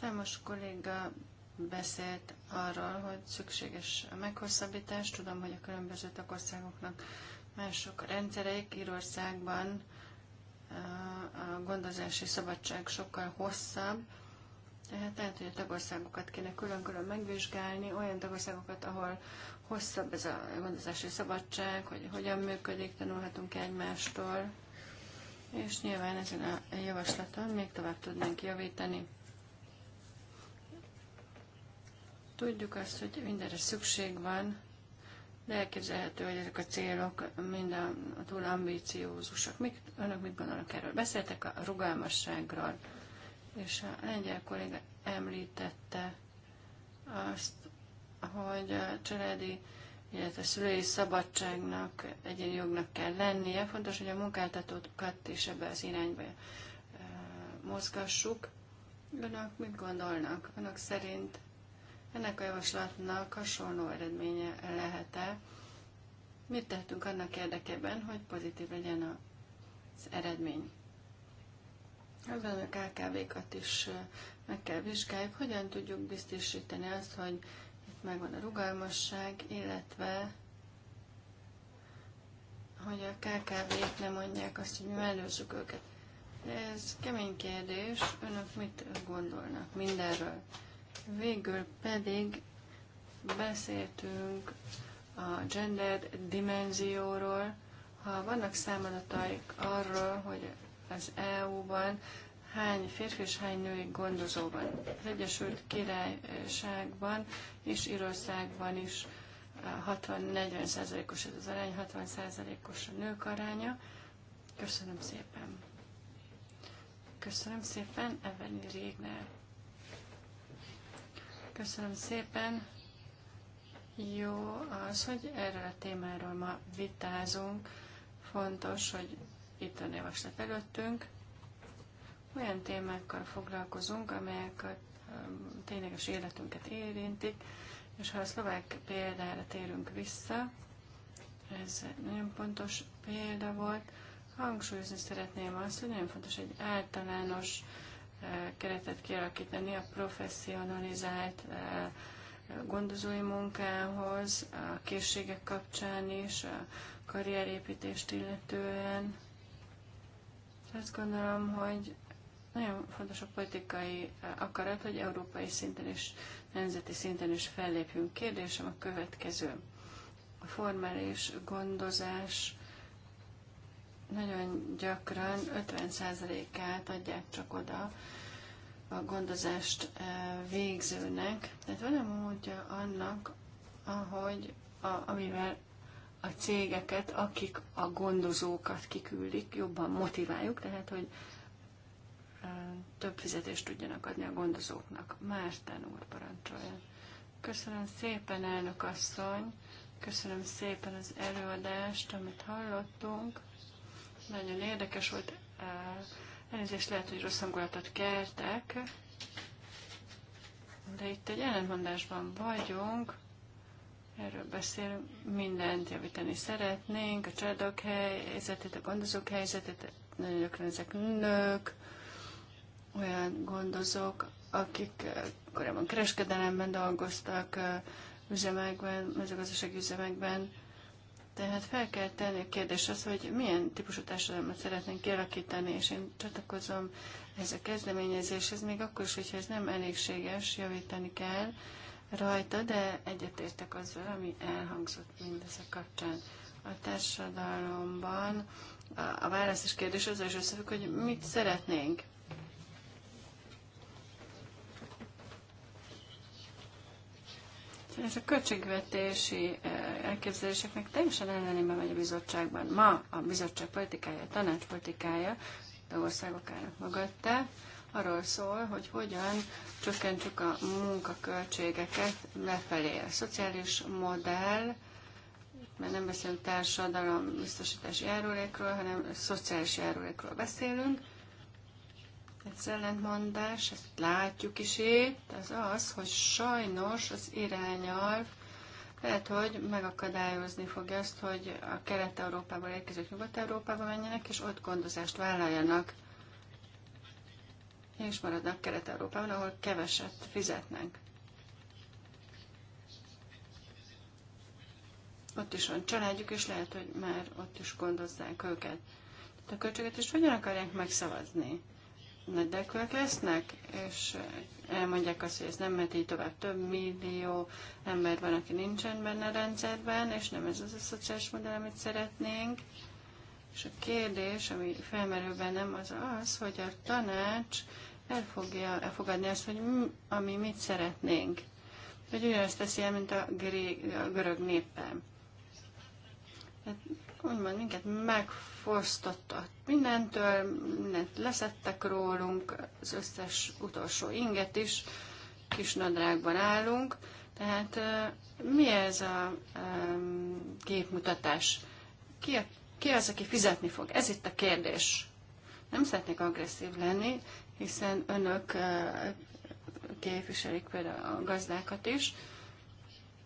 Számos kolléga beszélt arról, hogy szükséges a meghosszabbítás. Tudom, hogy a különböző tagországoknak mások a rendszereik. Írországban a gondozási szabadság sokkal hosszabb, tehát lehet, hogy a tagországokat kéne külön-külön megvizsgálni, olyan tagországokat, ahol hosszabb ez a gondozási szabadság, hogy hogyan működik, tanulhatunk egymástól, és nyilván ezen a javaslaton még tovább tudnánk javítani. Tudjuk azt, hogy mindenre szükség van, de elképzelhető, hogy ezek a célok mind a, túl ambíciózusak. Mik, önök mit gondolnak erről? Beszéltek a rugalmasságról, és a lengyel kolléga említette azt, hogy a családi, illetve a szülői szabadságnak, egyéni jognak kell lennie. Fontos, hogy a munkáltatókat is ebbe az irányba eh, mozgassuk. Önök mit gondolnak? Önök szerint ennek a javaslatnak hasonló eredménye lehet-e? Mit tettünk annak érdekében, hogy pozitív legyen az eredmény? Ebben a KKV-kat is meg kell vizsgáljuk, hogyan tudjuk biztosítani azt, hogy itt megvan a rugalmasság, illetve hogy a KKV-k nem mondják azt, hogy mi mellőzzük őket. De ez kemény kérdés, önök mit gondolnak mindenről? Végül pedig beszéltünk a gender dimenzióról. Ha vannak számadataik arról, hogy az EU-ban hány férfi és hány női gondozó van. Az Egyesült Királyságban és Írországban is 60-40%-os eh, ez az arány, 60%-os a nők aránya. Köszönöm szépen. Köszönöm szépen, Evelyn Régnál. Köszönöm szépen. Jó az, hogy erről a témáról ma vitázunk. Fontos, hogy itt a javaslat előttünk. Olyan témákkal foglalkozunk, amelyek a um, tényleges életünket érintik, és ha a szlovák példára térünk vissza, ez nagyon pontos példa volt, hangsúlyozni szeretném azt, hogy nagyon fontos egy általános Eh, keretet kialakítani a professzionalizált eh, gondozói munkához, a készségek kapcsán is, a karrierépítést illetően. Azt gondolom, hogy nagyon fontos a politikai eh, akarat, hogy európai szinten és nemzeti szinten is fellépjünk. Kérdésem a következő. A formális gondozás nagyon gyakran 50%-át adják csak oda a gondozást eh, végzőnek. Tehát van a módja annak, ahogy a, amivel a cégeket, akik a gondozókat kiküldik, jobban motiváljuk, tehát hogy eh, több fizetést tudjanak adni a gondozóknak. Márten úr parancsolja. Köszönöm szépen, elnök asszony! Köszönöm szépen az előadást, amit hallottunk. Nagyon érdekes volt. Elnézést lehet, hogy rossz hangulatot kertek, de itt egy ellentmondásban vagyunk. Erről beszélünk, mindent javítani szeretnénk, a családok helyzetét, a gondozók helyzetét, nagyon gyakran ezek nők, olyan gondozók, akik korábban kereskedelemben dolgoztak, üzemekben, mezőgazdasági üzemekben, tehát fel kell tenni a kérdés az, hogy milyen típusú társadalmat szeretnénk kialakítani, és én csatlakozom ez a kezdeményezéshez, még akkor is, hogyha ez nem elégséges, javítani kell rajta, de egyetértek azzal, ami elhangzott mindezek kapcsán. A társadalomban a válasz és kérdés az is összefügg, hogy mit szeretnénk. És a költségvetési eh, elképzeléseknek teljesen ellenében megy a bizottságban. Ma a bizottság politikája, a tanács politikája, a országok állnak mögötte, arról szól, hogy hogyan csökkentsük a munkaköltségeket lefelé. A szociális modell, mert nem beszélünk társadalom biztosítási járulékról, hanem szociális járulékról beszélünk, ez ellentmondás, ezt látjuk is itt, az az, hogy sajnos az irányalv lehet, hogy megakadályozni fogja azt, hogy a Kelet-Európából érkezők Nyugat-Európába menjenek, és ott gondozást vállaljanak, és maradnak Kelet-Európában, ahol keveset fizetnek. Ott is van családjuk, és lehet, hogy már ott is gondozzák őket. a költséget is hogyan akarják megszavazni? nagy lesznek, és elmondják azt, hogy ez nem mehet így tovább. Több millió ember van, aki nincsen benne a rendszerben, és nem ez az a szociális modell, amit szeretnénk. És a kérdés, ami felmerül bennem, az az, hogy a tanács el fogja elfogadni azt, hogy mi, ami mit szeretnénk. Hogy ugyanazt teszi el, mint a, gré, a görög néppel. Hát, úgymond minket megfogja fosztottak mindentől, mindent leszettek rólunk, az összes utolsó inget is, kis nadrágban állunk. Tehát mi ez a képmutatás? Ki, a, ki az, aki fizetni fog? Ez itt a kérdés. Nem szeretnék agresszív lenni, hiszen önök képviselik például a gazdákat is,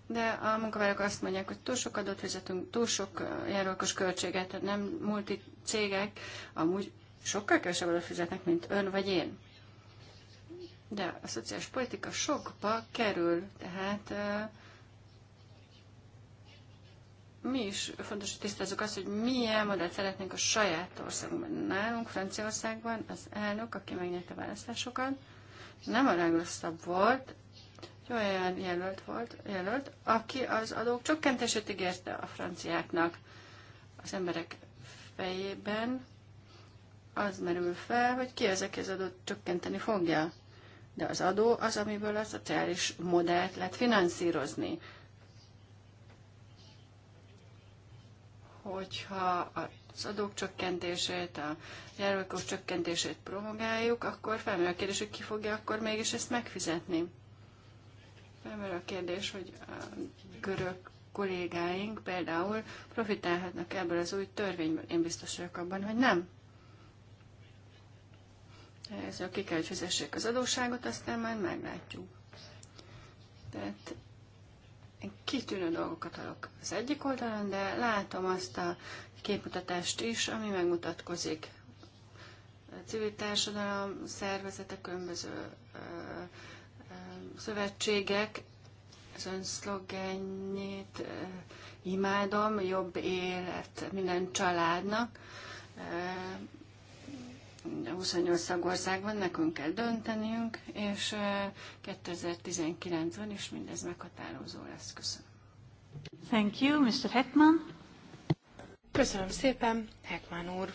de a munkavállalók azt mondják, hogy túl sok adót fizetünk, túl sok járulkos költséget, tehát nem multi cégek amúgy sokkal kevesebb adót fizetnek, mint ön vagy én. De a szociális politika sokba kerül, tehát mi is fontos, hogy tisztázzuk azt, hogy milyen modellt szeretnénk a saját országunkban. Nálunk Franciaországban az elnök, aki megnyerte a választásokat, nem a legrosszabb volt, egy olyan jelölt volt, jelölt, aki az adók csökkentését ígérte a franciáknak. Az emberek fejében az merül fel, hogy ki az, aki az adót csökkenteni fogja. De az adó az, amiből a szociális modellt lehet finanszírozni. Hogyha az adók csökkentését, a gyermekok csökkentését promogáljuk, akkor felmerül a kérdés, hogy ki fogja akkor mégis ezt megfizetni. Felmerül a kérdés, hogy a görög kollégáink például profitálhatnak ebből az új törvényből. Én biztos vagyok abban, hogy nem. Ez ki kell, hogy fizessék az adósságot, aztán majd meglátjuk. Tehát én kitűnő dolgokat adok az egyik oldalon, de látom azt a képmutatást is, ami megmutatkozik. A civil társadalom szervezetek különböző szövetségek, az ön szlogenjét imádom, jobb élet minden családnak. 28 szagország van, nekünk kell dönteniünk, és 2019-ben is mindez meghatározó lesz. Köszönöm. Thank you, Mr. Hetman. Köszönöm szépen, Hetman úr.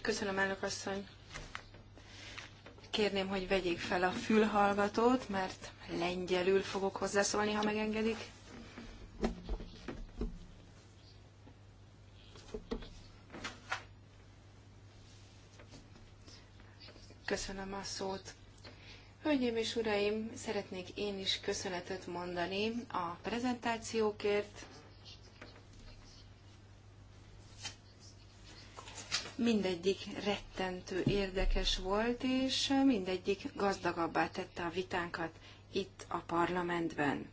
Köszönöm, elnök asszony kérném, hogy vegyék fel a fülhallgatót, mert lengyelül fogok hozzászólni, ha megengedik. Köszönöm a szót. Hölgyeim és uraim, szeretnék én is köszönetet mondani a prezentációkért, mindegyik rettentő érdekes volt, és mindegyik gazdagabbá tette a vitánkat itt a parlamentben.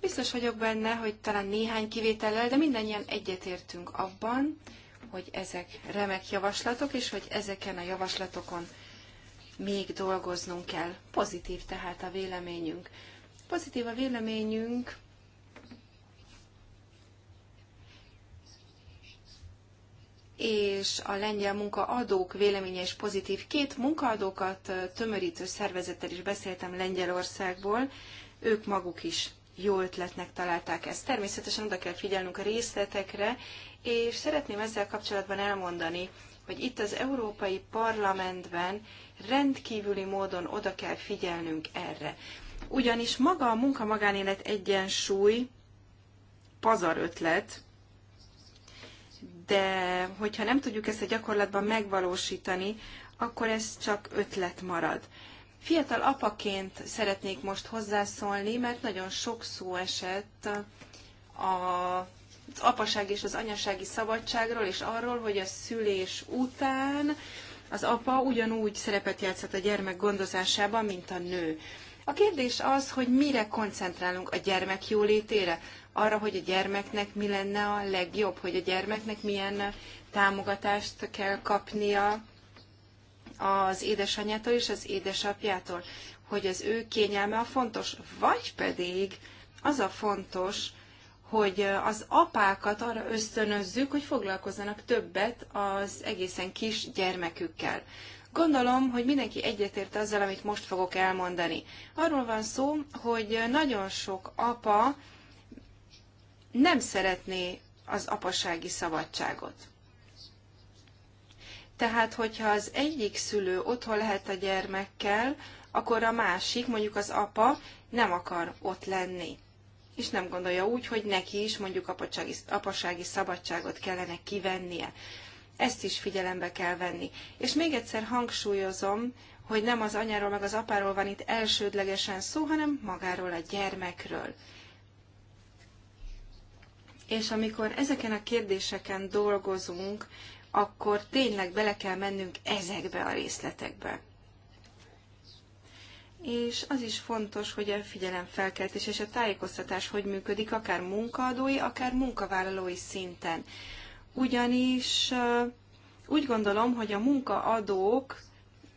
Biztos vagyok benne, hogy talán néhány kivétellel, de mindannyian egyetértünk abban, hogy ezek remek javaslatok, és hogy ezeken a javaslatokon még dolgoznunk kell. Pozitív tehát a véleményünk. Pozitív a véleményünk és a lengyel munkaadók véleménye is pozitív. Két munkaadókat tömörítő szervezettel is beszéltem Lengyelországból, ők maguk is jó ötletnek találták ezt. Természetesen oda kell figyelnünk a részletekre, és szeretném ezzel kapcsolatban elmondani, hogy itt az Európai Parlamentben rendkívüli módon oda kell figyelnünk erre. Ugyanis maga a munka-magánélet egyensúly pazar ötlet, de hogyha nem tudjuk ezt a gyakorlatban megvalósítani, akkor ez csak ötlet marad. Fiatal apaként szeretnék most hozzászólni, mert nagyon sok szó esett a az apaság és az anyasági szabadságról, és arról, hogy a szülés után az apa ugyanúgy szerepet játszhat a gyermek gondozásában, mint a nő. A kérdés az, hogy mire koncentrálunk a gyermek jólétére, arra, hogy a gyermeknek mi lenne a legjobb, hogy a gyermeknek milyen támogatást kell kapnia az édesanyjától és az édesapjától, hogy az ő kényelme a fontos, vagy pedig az a fontos, hogy az apákat arra ösztönözzük, hogy foglalkozzanak többet az egészen kis gyermekükkel. Gondolom, hogy mindenki egyetért azzal, amit most fogok elmondani. Arról van szó, hogy nagyon sok apa nem szeretné az apasági szabadságot. Tehát, hogyha az egyik szülő otthon lehet a gyermekkel, akkor a másik, mondjuk az apa nem akar ott lenni. És nem gondolja úgy, hogy neki is mondjuk apasági, apasági szabadságot kellene kivennie. Ezt is figyelembe kell venni. És még egyszer hangsúlyozom, hogy nem az anyáról meg az apáról van itt elsődlegesen szó, hanem magáról a gyermekről és amikor ezeken a kérdéseken dolgozunk, akkor tényleg bele kell mennünk ezekbe a részletekbe. És az is fontos, hogy a figyelemfelkeltés és a tájékoztatás hogy működik, akár munkaadói, akár munkavállalói szinten. Ugyanis úgy gondolom, hogy a munkaadók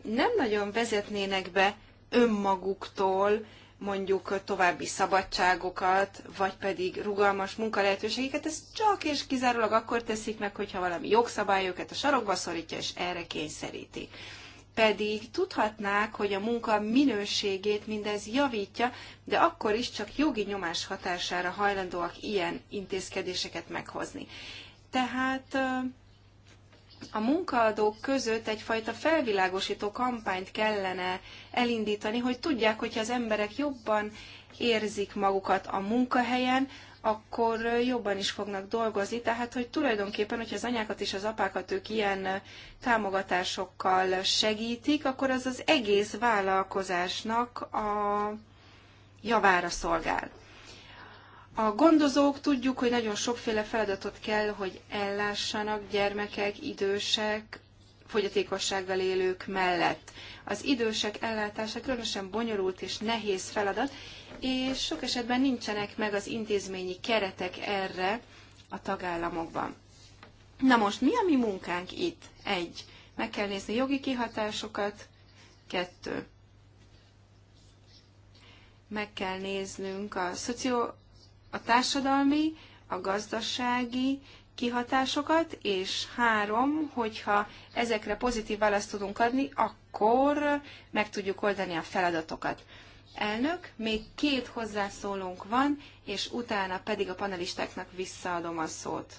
nem nagyon vezetnének be önmaguktól mondjuk további szabadságokat, vagy pedig rugalmas munkalehetőségeket, ez csak és kizárólag akkor teszik meg, hogyha valami jogszabály őket a sarokba szorítja, és erre kényszeríti. Pedig tudhatnák, hogy a munka minőségét mindez javítja, de akkor is csak jogi nyomás hatására hajlandóak ilyen intézkedéseket meghozni. Tehát a munkaadók között egyfajta felvilágosító kampányt kellene elindítani, hogy tudják, hogyha az emberek jobban érzik magukat a munkahelyen, akkor jobban is fognak dolgozni. Tehát, hogy tulajdonképpen, hogyha az anyákat és az apákat ők ilyen támogatásokkal segítik, akkor az az egész vállalkozásnak a javára szolgál. A gondozók tudjuk, hogy nagyon sokféle feladatot kell, hogy ellássanak gyermekek, idősek, fogyatékossággal élők mellett. Az idősek ellátása különösen bonyolult és nehéz feladat, és sok esetben nincsenek meg az intézményi keretek erre a tagállamokban. Na most mi a mi munkánk itt? Egy. Meg kell nézni jogi kihatásokat. Kettő. Meg kell néznünk a szocio a társadalmi, a gazdasági kihatásokat, és három, hogyha ezekre pozitív választ tudunk adni, akkor meg tudjuk oldani a feladatokat. Elnök, még két hozzászólónk van, és utána pedig a panelistáknak visszaadom a szót.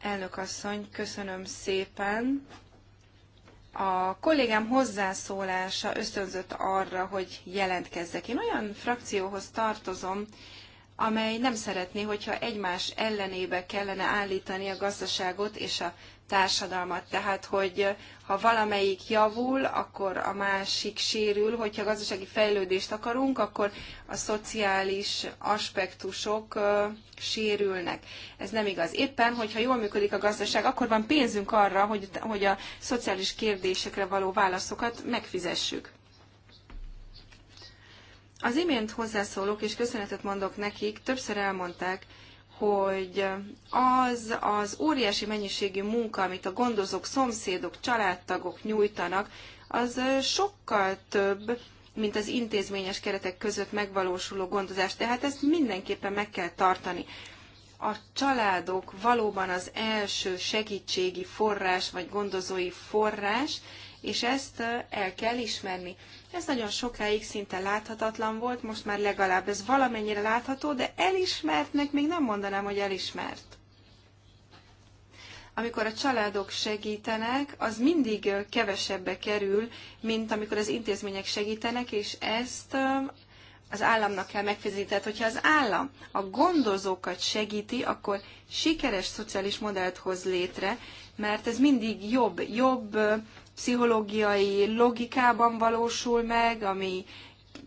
Elnök asszony, köszönöm szépen a kollégám hozzászólása ösztönzött arra, hogy jelentkezzek. Én olyan frakcióhoz tartozom, amely nem szeretné, hogyha egymás ellenébe kellene állítani a gazdaságot és a társadalmat. Tehát, hogy ha valamelyik javul, akkor a másik sérül, hogyha gazdasági fejlődést akarunk, akkor a szociális aspektusok sérülnek. Ez nem igaz. Éppen, hogyha jól működik a gazdaság, akkor van pénzünk arra, hogy, hogy a szociális kérdésekre való válaszokat megfizessük. Az imént hozzászólók, és köszönetet mondok nekik, többször elmondták, hogy az az óriási mennyiségű munka, amit a gondozók, szomszédok, családtagok nyújtanak, az sokkal több, mint az intézményes keretek között megvalósuló gondozás. Tehát ezt mindenképpen meg kell tartani. A családok valóban az első segítségi forrás, vagy gondozói forrás, és ezt el kell ismerni. Ez nagyon sokáig szinte láthatatlan volt, most már legalább ez valamennyire látható, de elismertnek még nem mondanám, hogy elismert. Amikor a családok segítenek, az mindig kevesebbe kerül, mint amikor az intézmények segítenek, és ezt az államnak kell megfizetni. Tehát, hogyha az állam a gondozókat segíti, akkor sikeres szociális modellt hoz létre, mert ez mindig jobb, jobb pszichológiai logikában valósul meg, ami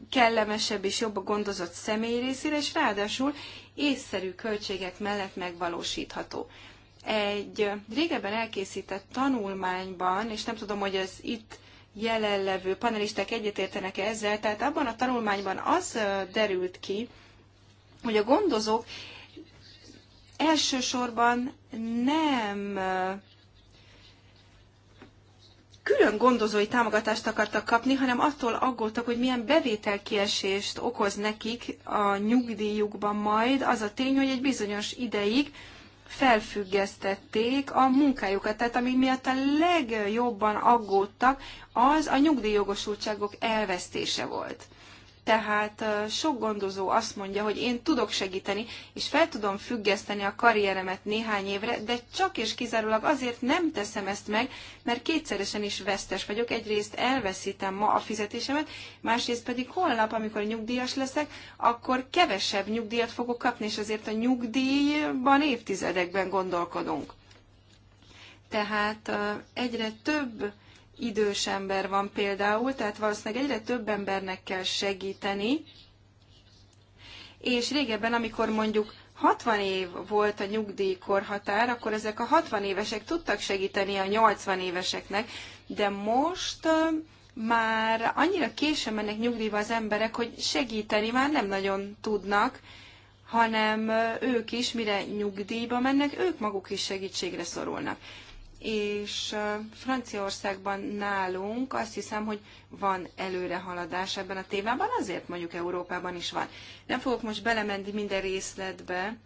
kellemesebb és jobb a gondozott személy részére, és ráadásul észszerű költségek mellett megvalósítható. Egy régebben elkészített tanulmányban, és nem tudom, hogy ez itt jelenlevő panelisták egyetértenek-e ezzel, tehát abban a tanulmányban az derült ki, hogy a gondozók elsősorban nem külön gondozói támogatást akartak kapni, hanem attól aggódtak, hogy milyen bevételkiesést okoz nekik a nyugdíjukban majd az a tény, hogy egy bizonyos ideig felfüggesztették a munkájukat. Tehát ami miatt a legjobban aggódtak, az a nyugdíjjogosultságok elvesztése volt. Tehát sok gondozó azt mondja, hogy én tudok segíteni, és fel tudom függeszteni a karrieremet néhány évre, de csak és kizárólag azért nem teszem ezt meg, mert kétszeresen is vesztes vagyok. Egyrészt elveszítem ma a fizetésemet, másrészt pedig holnap, amikor nyugdíjas leszek, akkor kevesebb nyugdíjat fogok kapni, és azért a nyugdíjban évtizedekben gondolkodunk. Tehát egyre több idős ember van például, tehát valószínűleg egyre több embernek kell segíteni, és régebben, amikor mondjuk 60 év volt a nyugdíjkorhatár, akkor ezek a 60 évesek tudtak segíteni a 80 éveseknek, de most már annyira későn mennek nyugdíjba az emberek, hogy segíteni már nem nagyon tudnak, hanem ők is, mire nyugdíjba mennek, ők maguk is segítségre szorulnak és Franciaországban nálunk azt hiszem, hogy van előrehaladás ebben a témában, azért mondjuk Európában is van. Nem fogok most belemenni minden részletbe,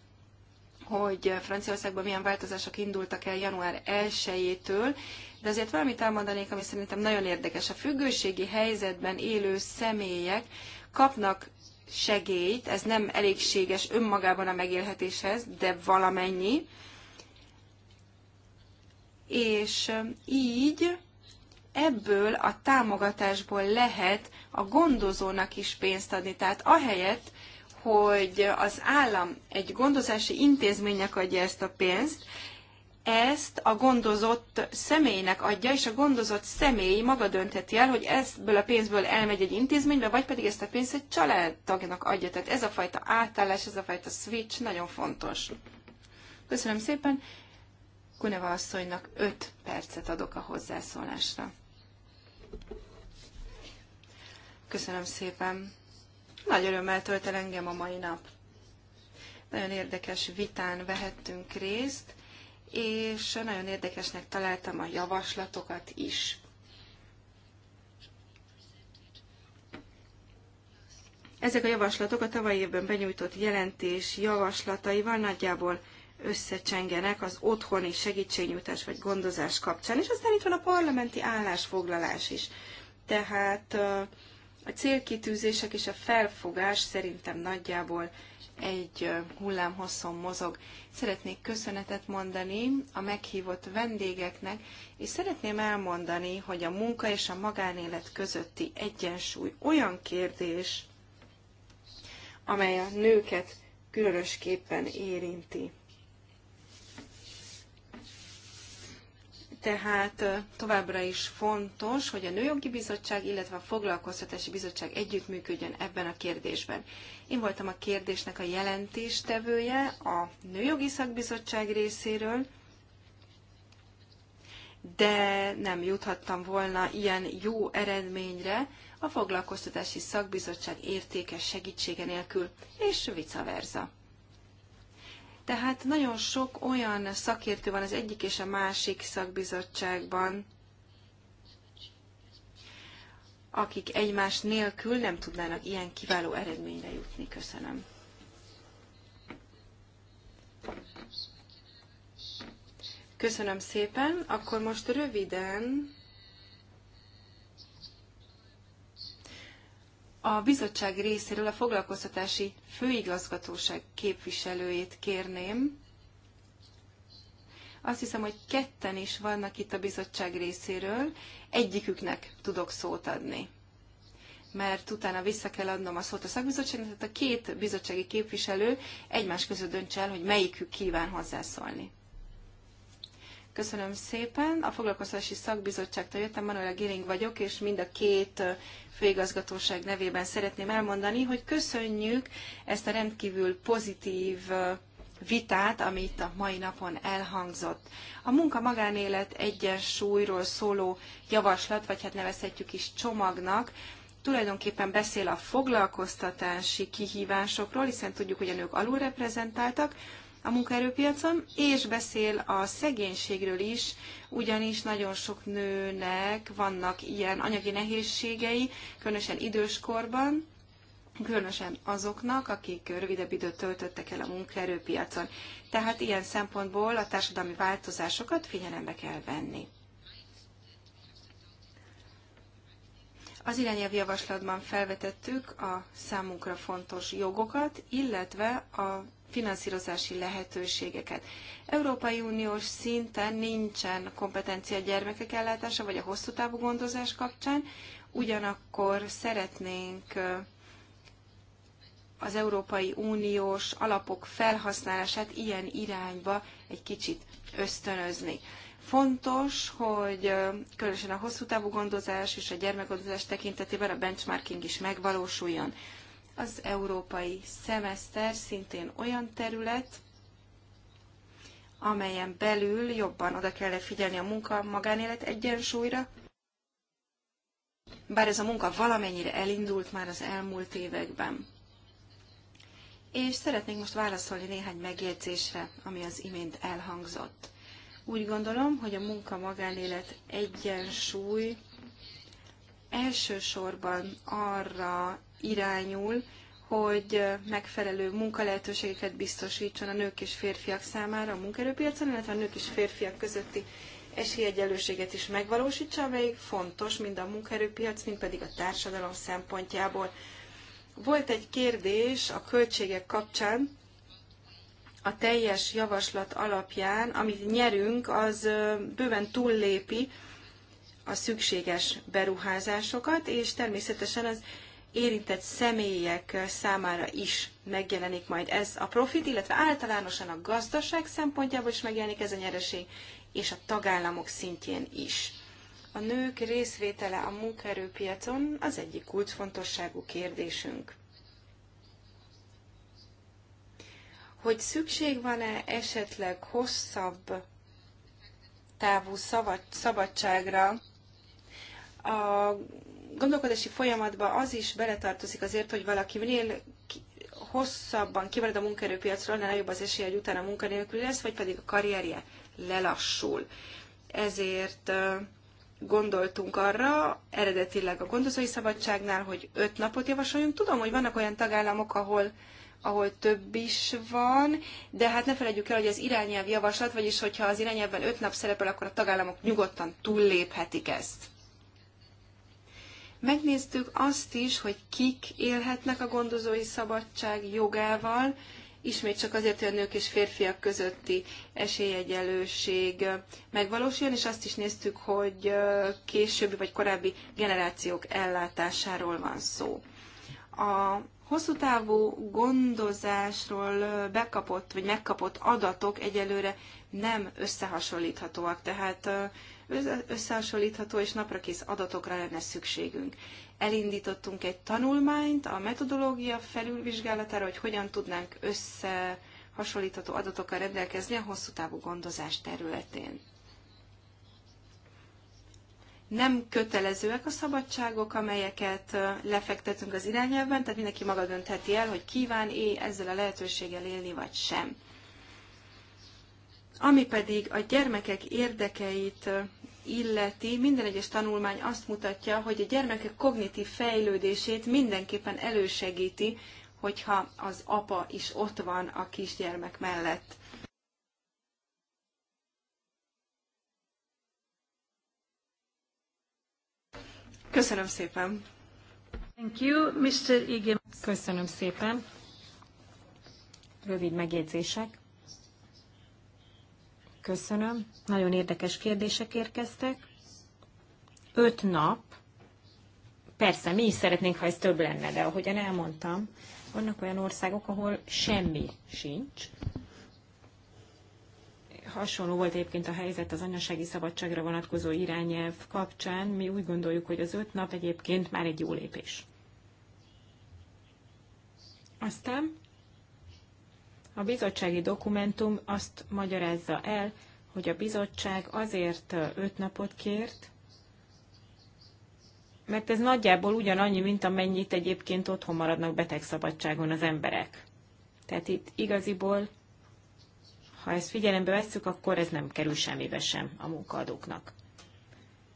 hogy Franciaországban milyen változások indultak el január 1-től, de azért valamit elmondanék, ami szerintem nagyon érdekes. A függőségi helyzetben élő személyek kapnak segélyt, ez nem elégséges önmagában a megélhetéshez, de valamennyi, és így ebből a támogatásból lehet a gondozónak is pénzt adni. Tehát ahelyett, hogy az állam egy gondozási intézménynek adja ezt a pénzt, ezt a gondozott személynek adja, és a gondozott személy maga döntheti el, hogy ebből a pénzből elmegy egy intézménybe, vagy pedig ezt a pénzt egy családtagnak adja. Tehát ez a fajta átállás, ez a fajta switch nagyon fontos. Köszönöm szépen. Kuneva asszonynak 5 percet adok a hozzászólásra. Köszönöm szépen. Nagy örömmel tölt el engem a mai nap. Nagyon érdekes vitán vehettünk részt, és nagyon érdekesnek találtam a javaslatokat is. Ezek a javaslatok a tavalyi évben benyújtott jelentés javaslataival nagyjából összecsengenek az otthoni segítségnyújtás vagy gondozás kapcsán. És aztán itt van a parlamenti állásfoglalás is. Tehát a célkitűzések és a felfogás szerintem nagyjából egy hullámhosszon mozog. Szeretnék köszönetet mondani a meghívott vendégeknek, és szeretném elmondani, hogy a munka és a magánélet közötti egyensúly olyan kérdés, amely a nőket különösképpen érinti. tehát továbbra is fontos, hogy a Nőjogi Bizottság, illetve a Foglalkoztatási Bizottság együttműködjön ebben a kérdésben. Én voltam a kérdésnek a jelentéstevője a Nőjogi Szakbizottság részéről, de nem juthattam volna ilyen jó eredményre a Foglalkoztatási Szakbizottság értékes segítsége nélkül, és vice versa. Tehát nagyon sok olyan szakértő van az egyik és a másik szakbizottságban, akik egymás nélkül nem tudnának ilyen kiváló eredményre jutni. Köszönöm. Köszönöm szépen. Akkor most röviden A bizottság részéről a foglalkoztatási főigazgatóság képviselőjét kérném. Azt hiszem, hogy ketten is vannak itt a bizottság részéről. Egyiküknek tudok szót adni mert utána vissza kell adnom a szót a szakbizottságnak, tehát a két bizottsági képviselő egymás között döntse el, hogy melyikük kíván hozzászólni. Köszönöm szépen. A Foglalkoztatási Szakbizottságtól jöttem, Manuela Giring vagyok, és mind a két főigazgatóság nevében szeretném elmondani, hogy köszönjük ezt a rendkívül pozitív vitát, ami itt a mai napon elhangzott. A munka-magánélet egyensúlyról szóló javaslat, vagy hát nevezhetjük is csomagnak, tulajdonképpen beszél a foglalkoztatási kihívásokról, hiszen tudjuk, hogy a nők alulreprezentáltak, a munkaerőpiacon, és beszél a szegénységről is, ugyanis nagyon sok nőnek vannak ilyen anyagi nehézségei, különösen időskorban, különösen azoknak, akik rövidebb időt töltöttek el a munkaerőpiacon. Tehát ilyen szempontból a társadalmi változásokat figyelembe kell venni. Az irányelvjavaslatban javaslatban felvetettük a számunkra fontos jogokat, illetve a finanszírozási lehetőségeket. Európai Uniós szinten nincsen kompetencia a gyermekek ellátása vagy a hosszú távú gondozás kapcsán, ugyanakkor szeretnénk az Európai Uniós alapok felhasználását ilyen irányba egy kicsit ösztönözni. Fontos, hogy különösen a hosszú távú gondozás és a gyermekgondozás tekintetében a benchmarking is megvalósuljon. Az európai szemeszter szintén olyan terület, amelyen belül jobban oda kell figyelni a munka-magánélet egyensúlyra, bár ez a munka valamennyire elindult már az elmúlt években. És szeretnénk most válaszolni néhány megjegyzésre, ami az imént elhangzott. Úgy gondolom, hogy a munka-magánélet egyensúly elsősorban arra irányul, hogy megfelelő munkalehetőségeket biztosítson a nők és férfiak számára a munkerőpiacon, illetve a nők és férfiak közötti esélyegyenlőséget is megvalósítsa, amelyik fontos mind a munkerőpiac, mind pedig a társadalom szempontjából. Volt egy kérdés a költségek kapcsán, a teljes javaslat alapján, amit nyerünk, az bőven túllépi a szükséges beruházásokat, és természetesen az érintett személyek számára is megjelenik majd ez a profit, illetve általánosan a gazdaság szempontjából is megjelenik ez a nyereség, és a tagállamok szintjén is. A nők részvétele a munkaerőpiacon az egyik kulcsfontosságú kérdésünk. hogy szükség van-e esetleg hosszabb távú szabad, szabadságra. A gondolkodási folyamatba az is beletartozik azért, hogy valaki minél hosszabban kimarad a munkaerőpiacról, annál jobb az esélye, hogy utána munkanélkül lesz, vagy pedig a karrierje lelassul. Ezért gondoltunk arra, eredetileg a gondozói szabadságnál, hogy öt napot javasoljunk. Tudom, hogy vannak olyan tagállamok, ahol ahol több is van, de hát ne felejtjük el, hogy az irányelv javaslat, vagyis hogyha az irányelvben öt nap szerepel, akkor a tagállamok nyugodtan túlléphetik ezt. Megnéztük azt is, hogy kik élhetnek a gondozói szabadság jogával, ismét csak azért, hogy a nők és férfiak közötti esélyegyelőség megvalósuljon, és azt is néztük, hogy későbbi vagy korábbi generációk ellátásáról van szó. A hosszú távú gondozásról bekapott vagy megkapott adatok egyelőre nem összehasonlíthatóak, tehát összehasonlítható és naprakész adatokra lenne szükségünk. Elindítottunk egy tanulmányt a metodológia felülvizsgálatára, hogy hogyan tudnánk összehasonlítható adatokkal rendelkezni a hosszú távú gondozás területén nem kötelezőek a szabadságok, amelyeket lefektetünk az irányelvben, tehát mindenki maga döntheti el, hogy kíván-e ezzel a lehetőséggel élni, vagy sem. Ami pedig a gyermekek érdekeit illeti, minden egyes tanulmány azt mutatja, hogy a gyermekek kognitív fejlődését mindenképpen elősegíti, hogyha az apa is ott van a kisgyermek mellett. Köszönöm szépen. Thank you, Mr. Ige. Köszönöm szépen. Rövid megjegyzések. Köszönöm. Nagyon érdekes kérdések érkeztek. Öt nap. Persze, mi is szeretnénk, ha ez több lenne, de ahogyan elmondtam, vannak olyan országok, ahol semmi sincs, hasonló volt egyébként a helyzet az anyasági szabadságra vonatkozó irányelv kapcsán. Mi úgy gondoljuk, hogy az öt nap egyébként már egy jó lépés. Aztán a bizottsági dokumentum azt magyarázza el, hogy a bizottság azért öt napot kért, mert ez nagyjából ugyanannyi, mint amennyit egyébként otthon maradnak betegszabadságon az emberek. Tehát itt igaziból ha ezt figyelembe vesszük, akkor ez nem kerül semmibe sem a munkaadóknak.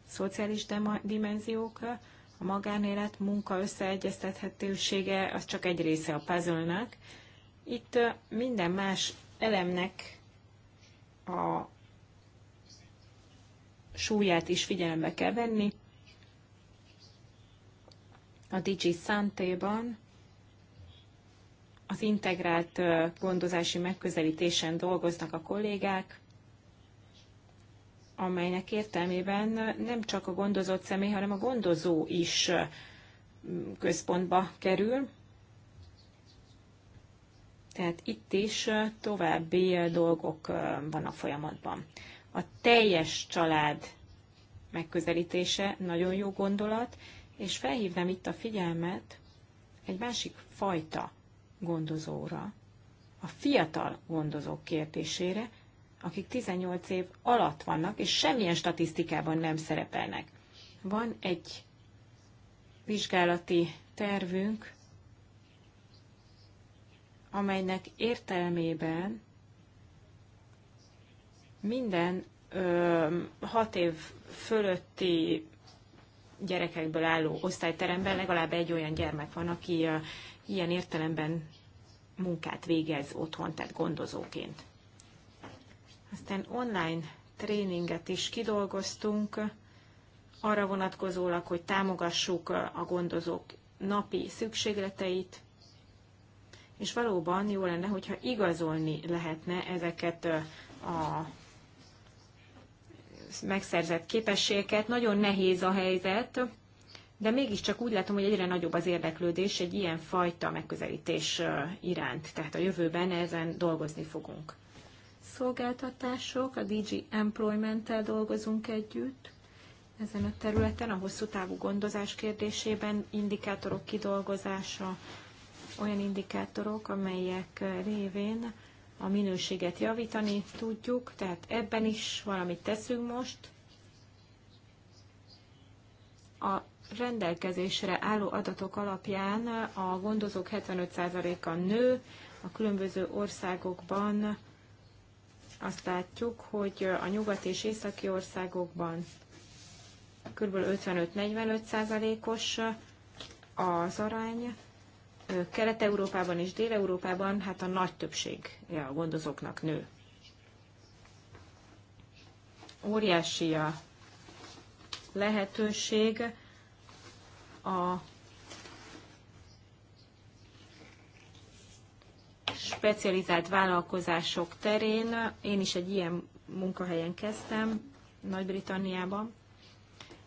Szociális dimenziók, a magánélet, munka összeegyeztethetősége, az csak egy része a puzzle Itt minden más elemnek a súlyát is figyelembe kell venni. A Digi Santé-ban az integrált gondozási megközelítésen dolgoznak a kollégák, amelynek értelmében nem csak a gondozott személy, hanem a gondozó is központba kerül. Tehát itt is további dolgok vannak folyamatban. A teljes család megközelítése nagyon jó gondolat, és felhívnám itt a figyelmet egy másik fajta gondozóra, a fiatal gondozók kérdésére, akik 18 év alatt vannak, és semmilyen statisztikában nem szerepelnek. Van egy vizsgálati tervünk, amelynek értelmében minden 6 hat év fölötti gyerekekből álló osztályteremben legalább egy olyan gyermek van, aki ilyen értelemben munkát végez otthon, tehát gondozóként. Aztán online tréninget is kidolgoztunk, arra vonatkozólag, hogy támogassuk a gondozók napi szükségleteit, és valóban jó lenne, hogyha igazolni lehetne ezeket a megszerzett képességeket. Nagyon nehéz a helyzet, de mégiscsak úgy látom, hogy egyre nagyobb az érdeklődés egy ilyen fajta megközelítés iránt. Tehát a jövőben ezen dolgozni fogunk. Szolgáltatások, a DG Employment-tel dolgozunk együtt ezen a területen, a hosszú távú gondozás kérdésében indikátorok kidolgozása, olyan indikátorok, amelyek révén a minőséget javítani tudjuk, tehát ebben is valamit teszünk most. A rendelkezésre álló adatok alapján a gondozók 75%-a nő, a különböző országokban azt látjuk, hogy a nyugati és északi országokban kb. 55-45%-os az arány, Kelet-Európában és Dél-Európában hát a nagy többség a gondozóknak nő. Óriási a lehetőség a specializált vállalkozások terén. Én is egy ilyen munkahelyen kezdtem Nagy-Britanniában,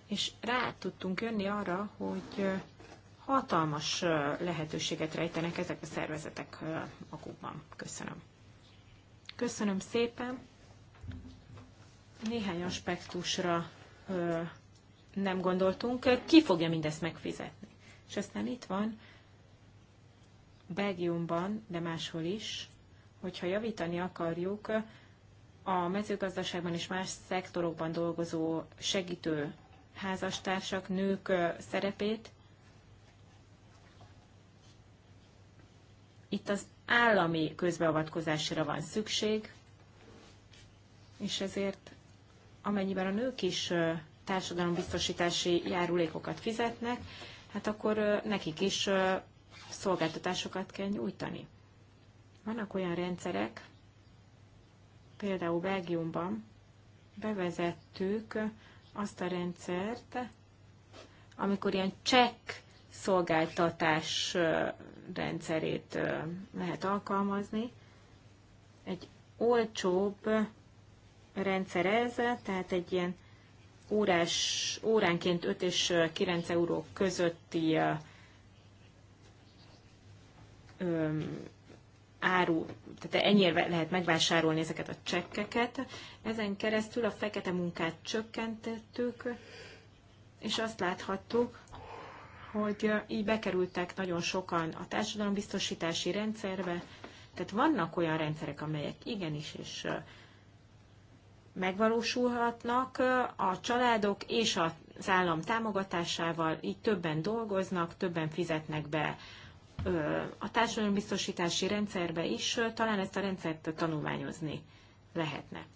és rá tudtunk jönni arra, hogy hatalmas lehetőséget rejtenek ezek a szervezetek magukban. Köszönöm. Köszönöm szépen. Néhány aspektusra nem gondoltunk, ki fogja mindezt megfizetni. És aztán itt van Belgiumban, de máshol is, hogyha javítani akarjuk a mezőgazdaságban és más szektorokban dolgozó segítő házastársak, nők szerepét, itt az állami közbeavatkozásra van szükség, és ezért amennyiben a nők is társadalombiztosítási járulékokat fizetnek, hát akkor nekik is szolgáltatásokat kell nyújtani. Vannak olyan rendszerek, például Belgiumban bevezettük azt a rendszert, amikor ilyen csekk szolgáltatás rendszerét lehet alkalmazni. Egy olcsóbb rendszer ez, tehát egy ilyen órás, óránként 5 és 9 euró közötti áru, tehát ennyire lehet megvásárolni ezeket a csekkeket. Ezen keresztül a fekete munkát csökkentettük, és azt láthattuk, hogy így bekerültek nagyon sokan a társadalombiztosítási rendszerbe, tehát vannak olyan rendszerek, amelyek igenis és megvalósulhatnak a családok és az állam támogatásával, így többen dolgoznak, többen fizetnek be a társadalombiztosítási rendszerbe is, talán ezt a rendszert tanulmányozni lehetne.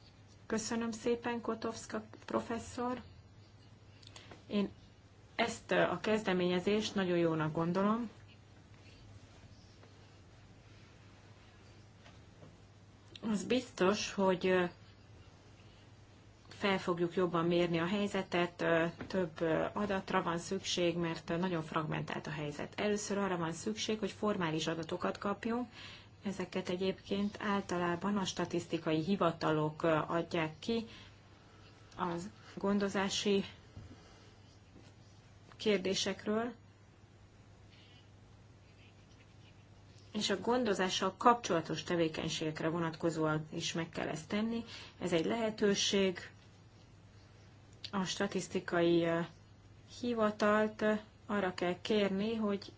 Köszönöm szépen, Kotovska professzor. Én ezt a kezdeményezést nagyon jónak gondolom. Az biztos, hogy fel fogjuk jobban mérni a helyzetet, több adatra van szükség, mert nagyon fragmentált a helyzet. Először arra van szükség, hogy formális adatokat kapjunk, ezeket egyébként általában a statisztikai hivatalok adják ki, a gondozási kérdésekről, és a gondozással kapcsolatos tevékenységekre vonatkozóan is meg kell ezt tenni. Ez egy lehetőség, a statisztikai hivatalt arra kell kérni, hogy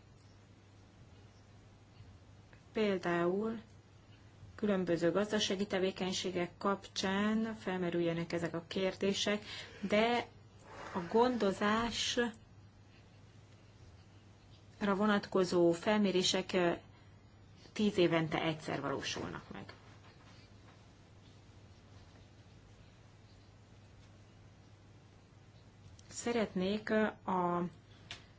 például különböző gazdasági tevékenységek kapcsán felmerüljenek ezek a kérdések, de a gondozásra vonatkozó felmérések tíz évente egyszer valósulnak meg. Szeretnék a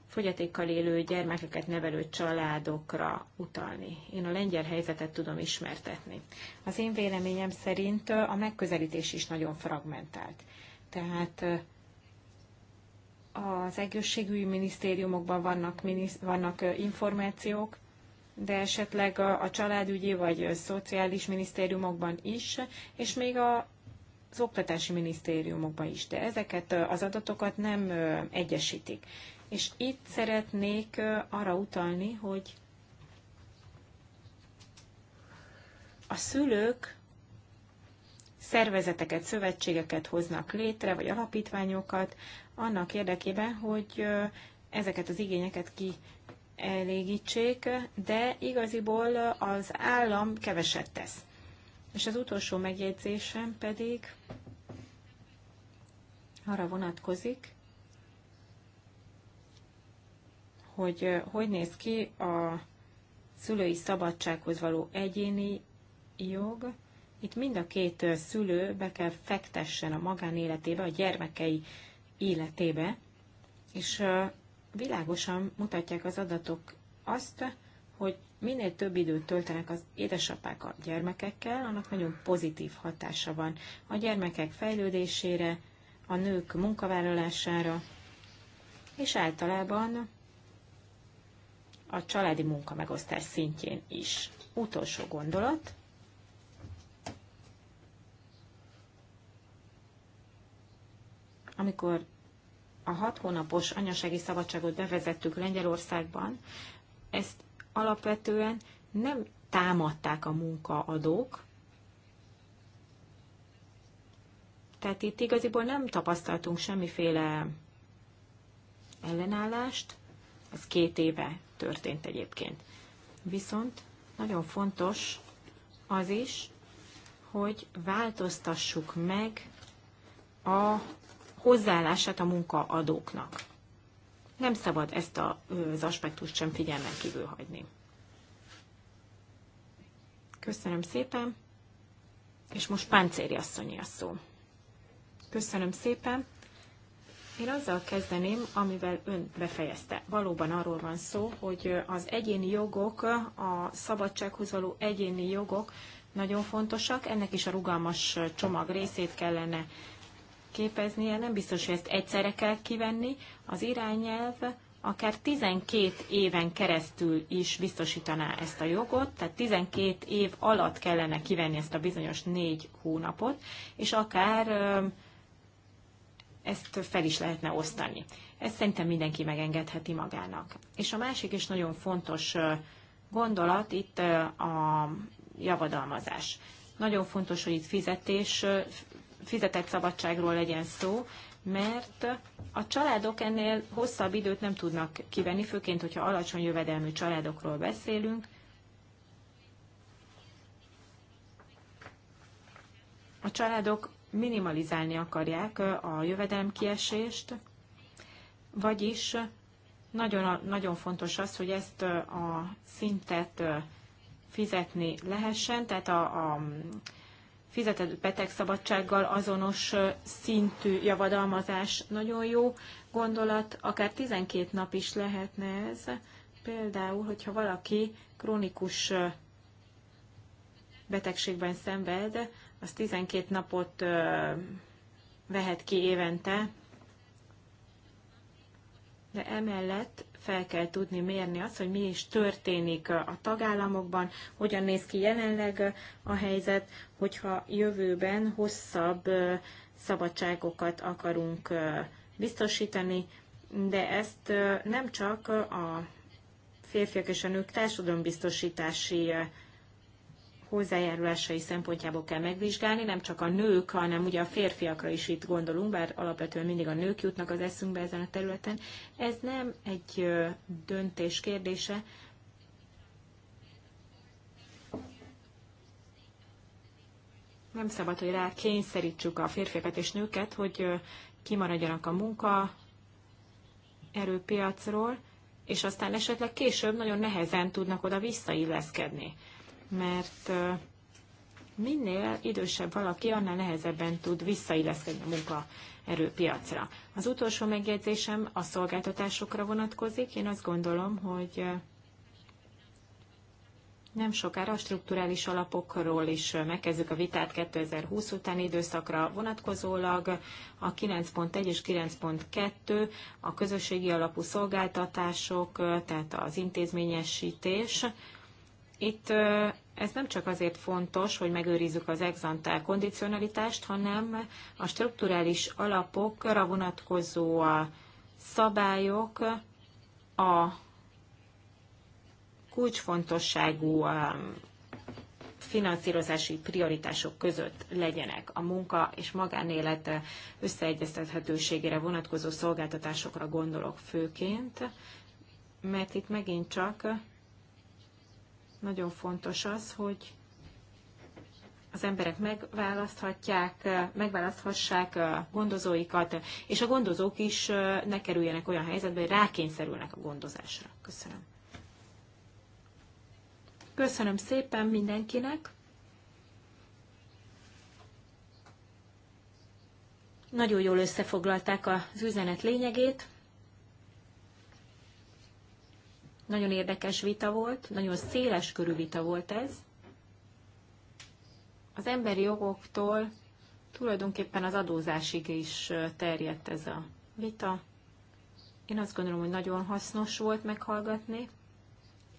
fogyatékkal élő gyermekeket nevelő családokra utalni. Én a lengyel helyzetet tudom ismertetni. Az én véleményem szerint a megközelítés is nagyon fragmentált. Tehát eh, az egészségügyi minisztériumokban vannak, vannak eh, információk, de esetleg a, eh, a családügyi vagy a szociális minisztériumokban is, és még a az oktatási minisztériumokban is, de ezeket az adatokat nem egyesítik. És itt szeretnék arra utalni, hogy a szülők szervezeteket, szövetségeket hoznak létre, vagy alapítványokat, annak érdekében, hogy ezeket az igényeket ki elégítsék, de igaziból az állam keveset tesz. És az utolsó megjegyzésem pedig arra vonatkozik, hogy hogy néz ki a szülői szabadsághoz való egyéni jog. Itt mind a két szülő be kell fektessen a magánéletébe, a gyermekei életébe, és világosan mutatják az adatok azt, hogy minél több időt töltenek az édesapák a gyermekekkel, annak nagyon pozitív hatása van a gyermekek fejlődésére, a nők munkavállalására, és általában a családi munkamegosztás szintjén is. Utolsó gondolat. Amikor a hat hónapos anyasági szabadságot bevezettük Lengyelországban, ezt alapvetően nem támadták a munkaadók, tehát itt igaziból nem tapasztaltunk semmiféle ellenállást, ez két éve történt egyébként. Viszont nagyon fontos az is, hogy változtassuk meg a hozzáállását a munkaadóknak nem szabad ezt a, az aspektust sem figyelmen kívül hagyni. Köszönöm szépen, és most Páncéri asszonyi a szó. Köszönöm szépen. Én azzal kezdeném, amivel ön befejezte. Valóban arról van szó, hogy az egyéni jogok, a szabadsághoz való egyéni jogok nagyon fontosak. Ennek is a rugalmas csomag részét kellene képeznie, nem biztos, hogy ezt egyszerre kell kivenni. Az irányelv akár 12 éven keresztül is biztosítaná ezt a jogot, tehát 12 év alatt kellene kivenni ezt a bizonyos négy hónapot, és akár ezt fel is lehetne osztani. Ezt szerintem mindenki megengedheti magának. És a másik is nagyon fontos gondolat itt a javadalmazás. Nagyon fontos, hogy itt fizetés fizetett szabadságról legyen szó, mert a családok ennél hosszabb időt nem tudnak kivenni, főként, hogyha alacsony jövedelmű családokról beszélünk. A családok minimalizálni akarják a jövedelemkiesést, vagyis nagyon, nagyon fontos az, hogy ezt a szintet fizetni lehessen, tehát a, a fizetett betegszabadsággal azonos szintű javadalmazás nagyon jó gondolat, akár 12 nap is lehetne ez. Például, hogyha valaki krónikus betegségben szenved, az 12 napot vehet ki évente, de emellett fel kell tudni mérni azt, hogy mi is történik a tagállamokban, hogyan néz ki jelenleg a helyzet, hogyha jövőben hosszabb szabadságokat akarunk biztosítani, de ezt nem csak a férfiak és a nők társadalombiztosítási hozzájárulásai szempontjából kell megvizsgálni, nem csak a nők, hanem ugye a férfiakra is itt gondolunk, bár alapvetően mindig a nők jutnak az eszünkbe ezen a területen. Ez nem egy döntés kérdése. Nem szabad, hogy rá kényszerítsük a férfiakat és nőket, hogy kimaradjanak a munka erőpiacról, és aztán esetleg később nagyon nehezen tudnak oda visszailleszkedni mert minél idősebb valaki, annál nehezebben tud visszailleszkedni a munkaerőpiacra. Az utolsó megjegyzésem a szolgáltatásokra vonatkozik. Én azt gondolom, hogy nem sokára a strukturális alapokról is megkezdjük a vitát 2020 utáni időszakra vonatkozólag. A 9.1 és 9.2 a közösségi alapú szolgáltatások, tehát az intézményesítés, itt ez nem csak azért fontos, hogy megőrizzük az exantál kondicionalitást, hanem a strukturális alapokra vonatkozó a szabályok a kulcsfontosságú finanszírozási prioritások között legyenek a munka és magánélet összeegyeztethetőségére vonatkozó szolgáltatásokra gondolok főként, mert itt megint csak nagyon fontos az, hogy az emberek megválaszthatják, megválaszthassák gondozóikat, és a gondozók is ne kerüljenek olyan helyzetbe, hogy rákényszerülnek a gondozásra. Köszönöm. Köszönöm szépen mindenkinek. Nagyon jól összefoglalták az üzenet lényegét. Nagyon érdekes vita volt, nagyon széles körű vita volt ez. Az emberi jogoktól tulajdonképpen az adózásig is terjedt ez a vita. Én azt gondolom, hogy nagyon hasznos volt meghallgatni,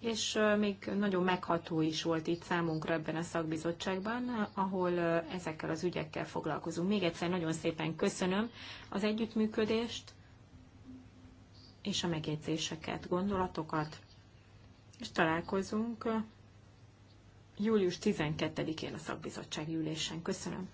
és még nagyon megható is volt itt számunkra ebben a szakbizottságban, ahol ezekkel az ügyekkel foglalkozunk. Még egyszer nagyon szépen köszönöm az együttműködést és a megjegyzéseket, gondolatokat és találkozunk uh, július 12-én a szakbizottság ülésen. Köszönöm.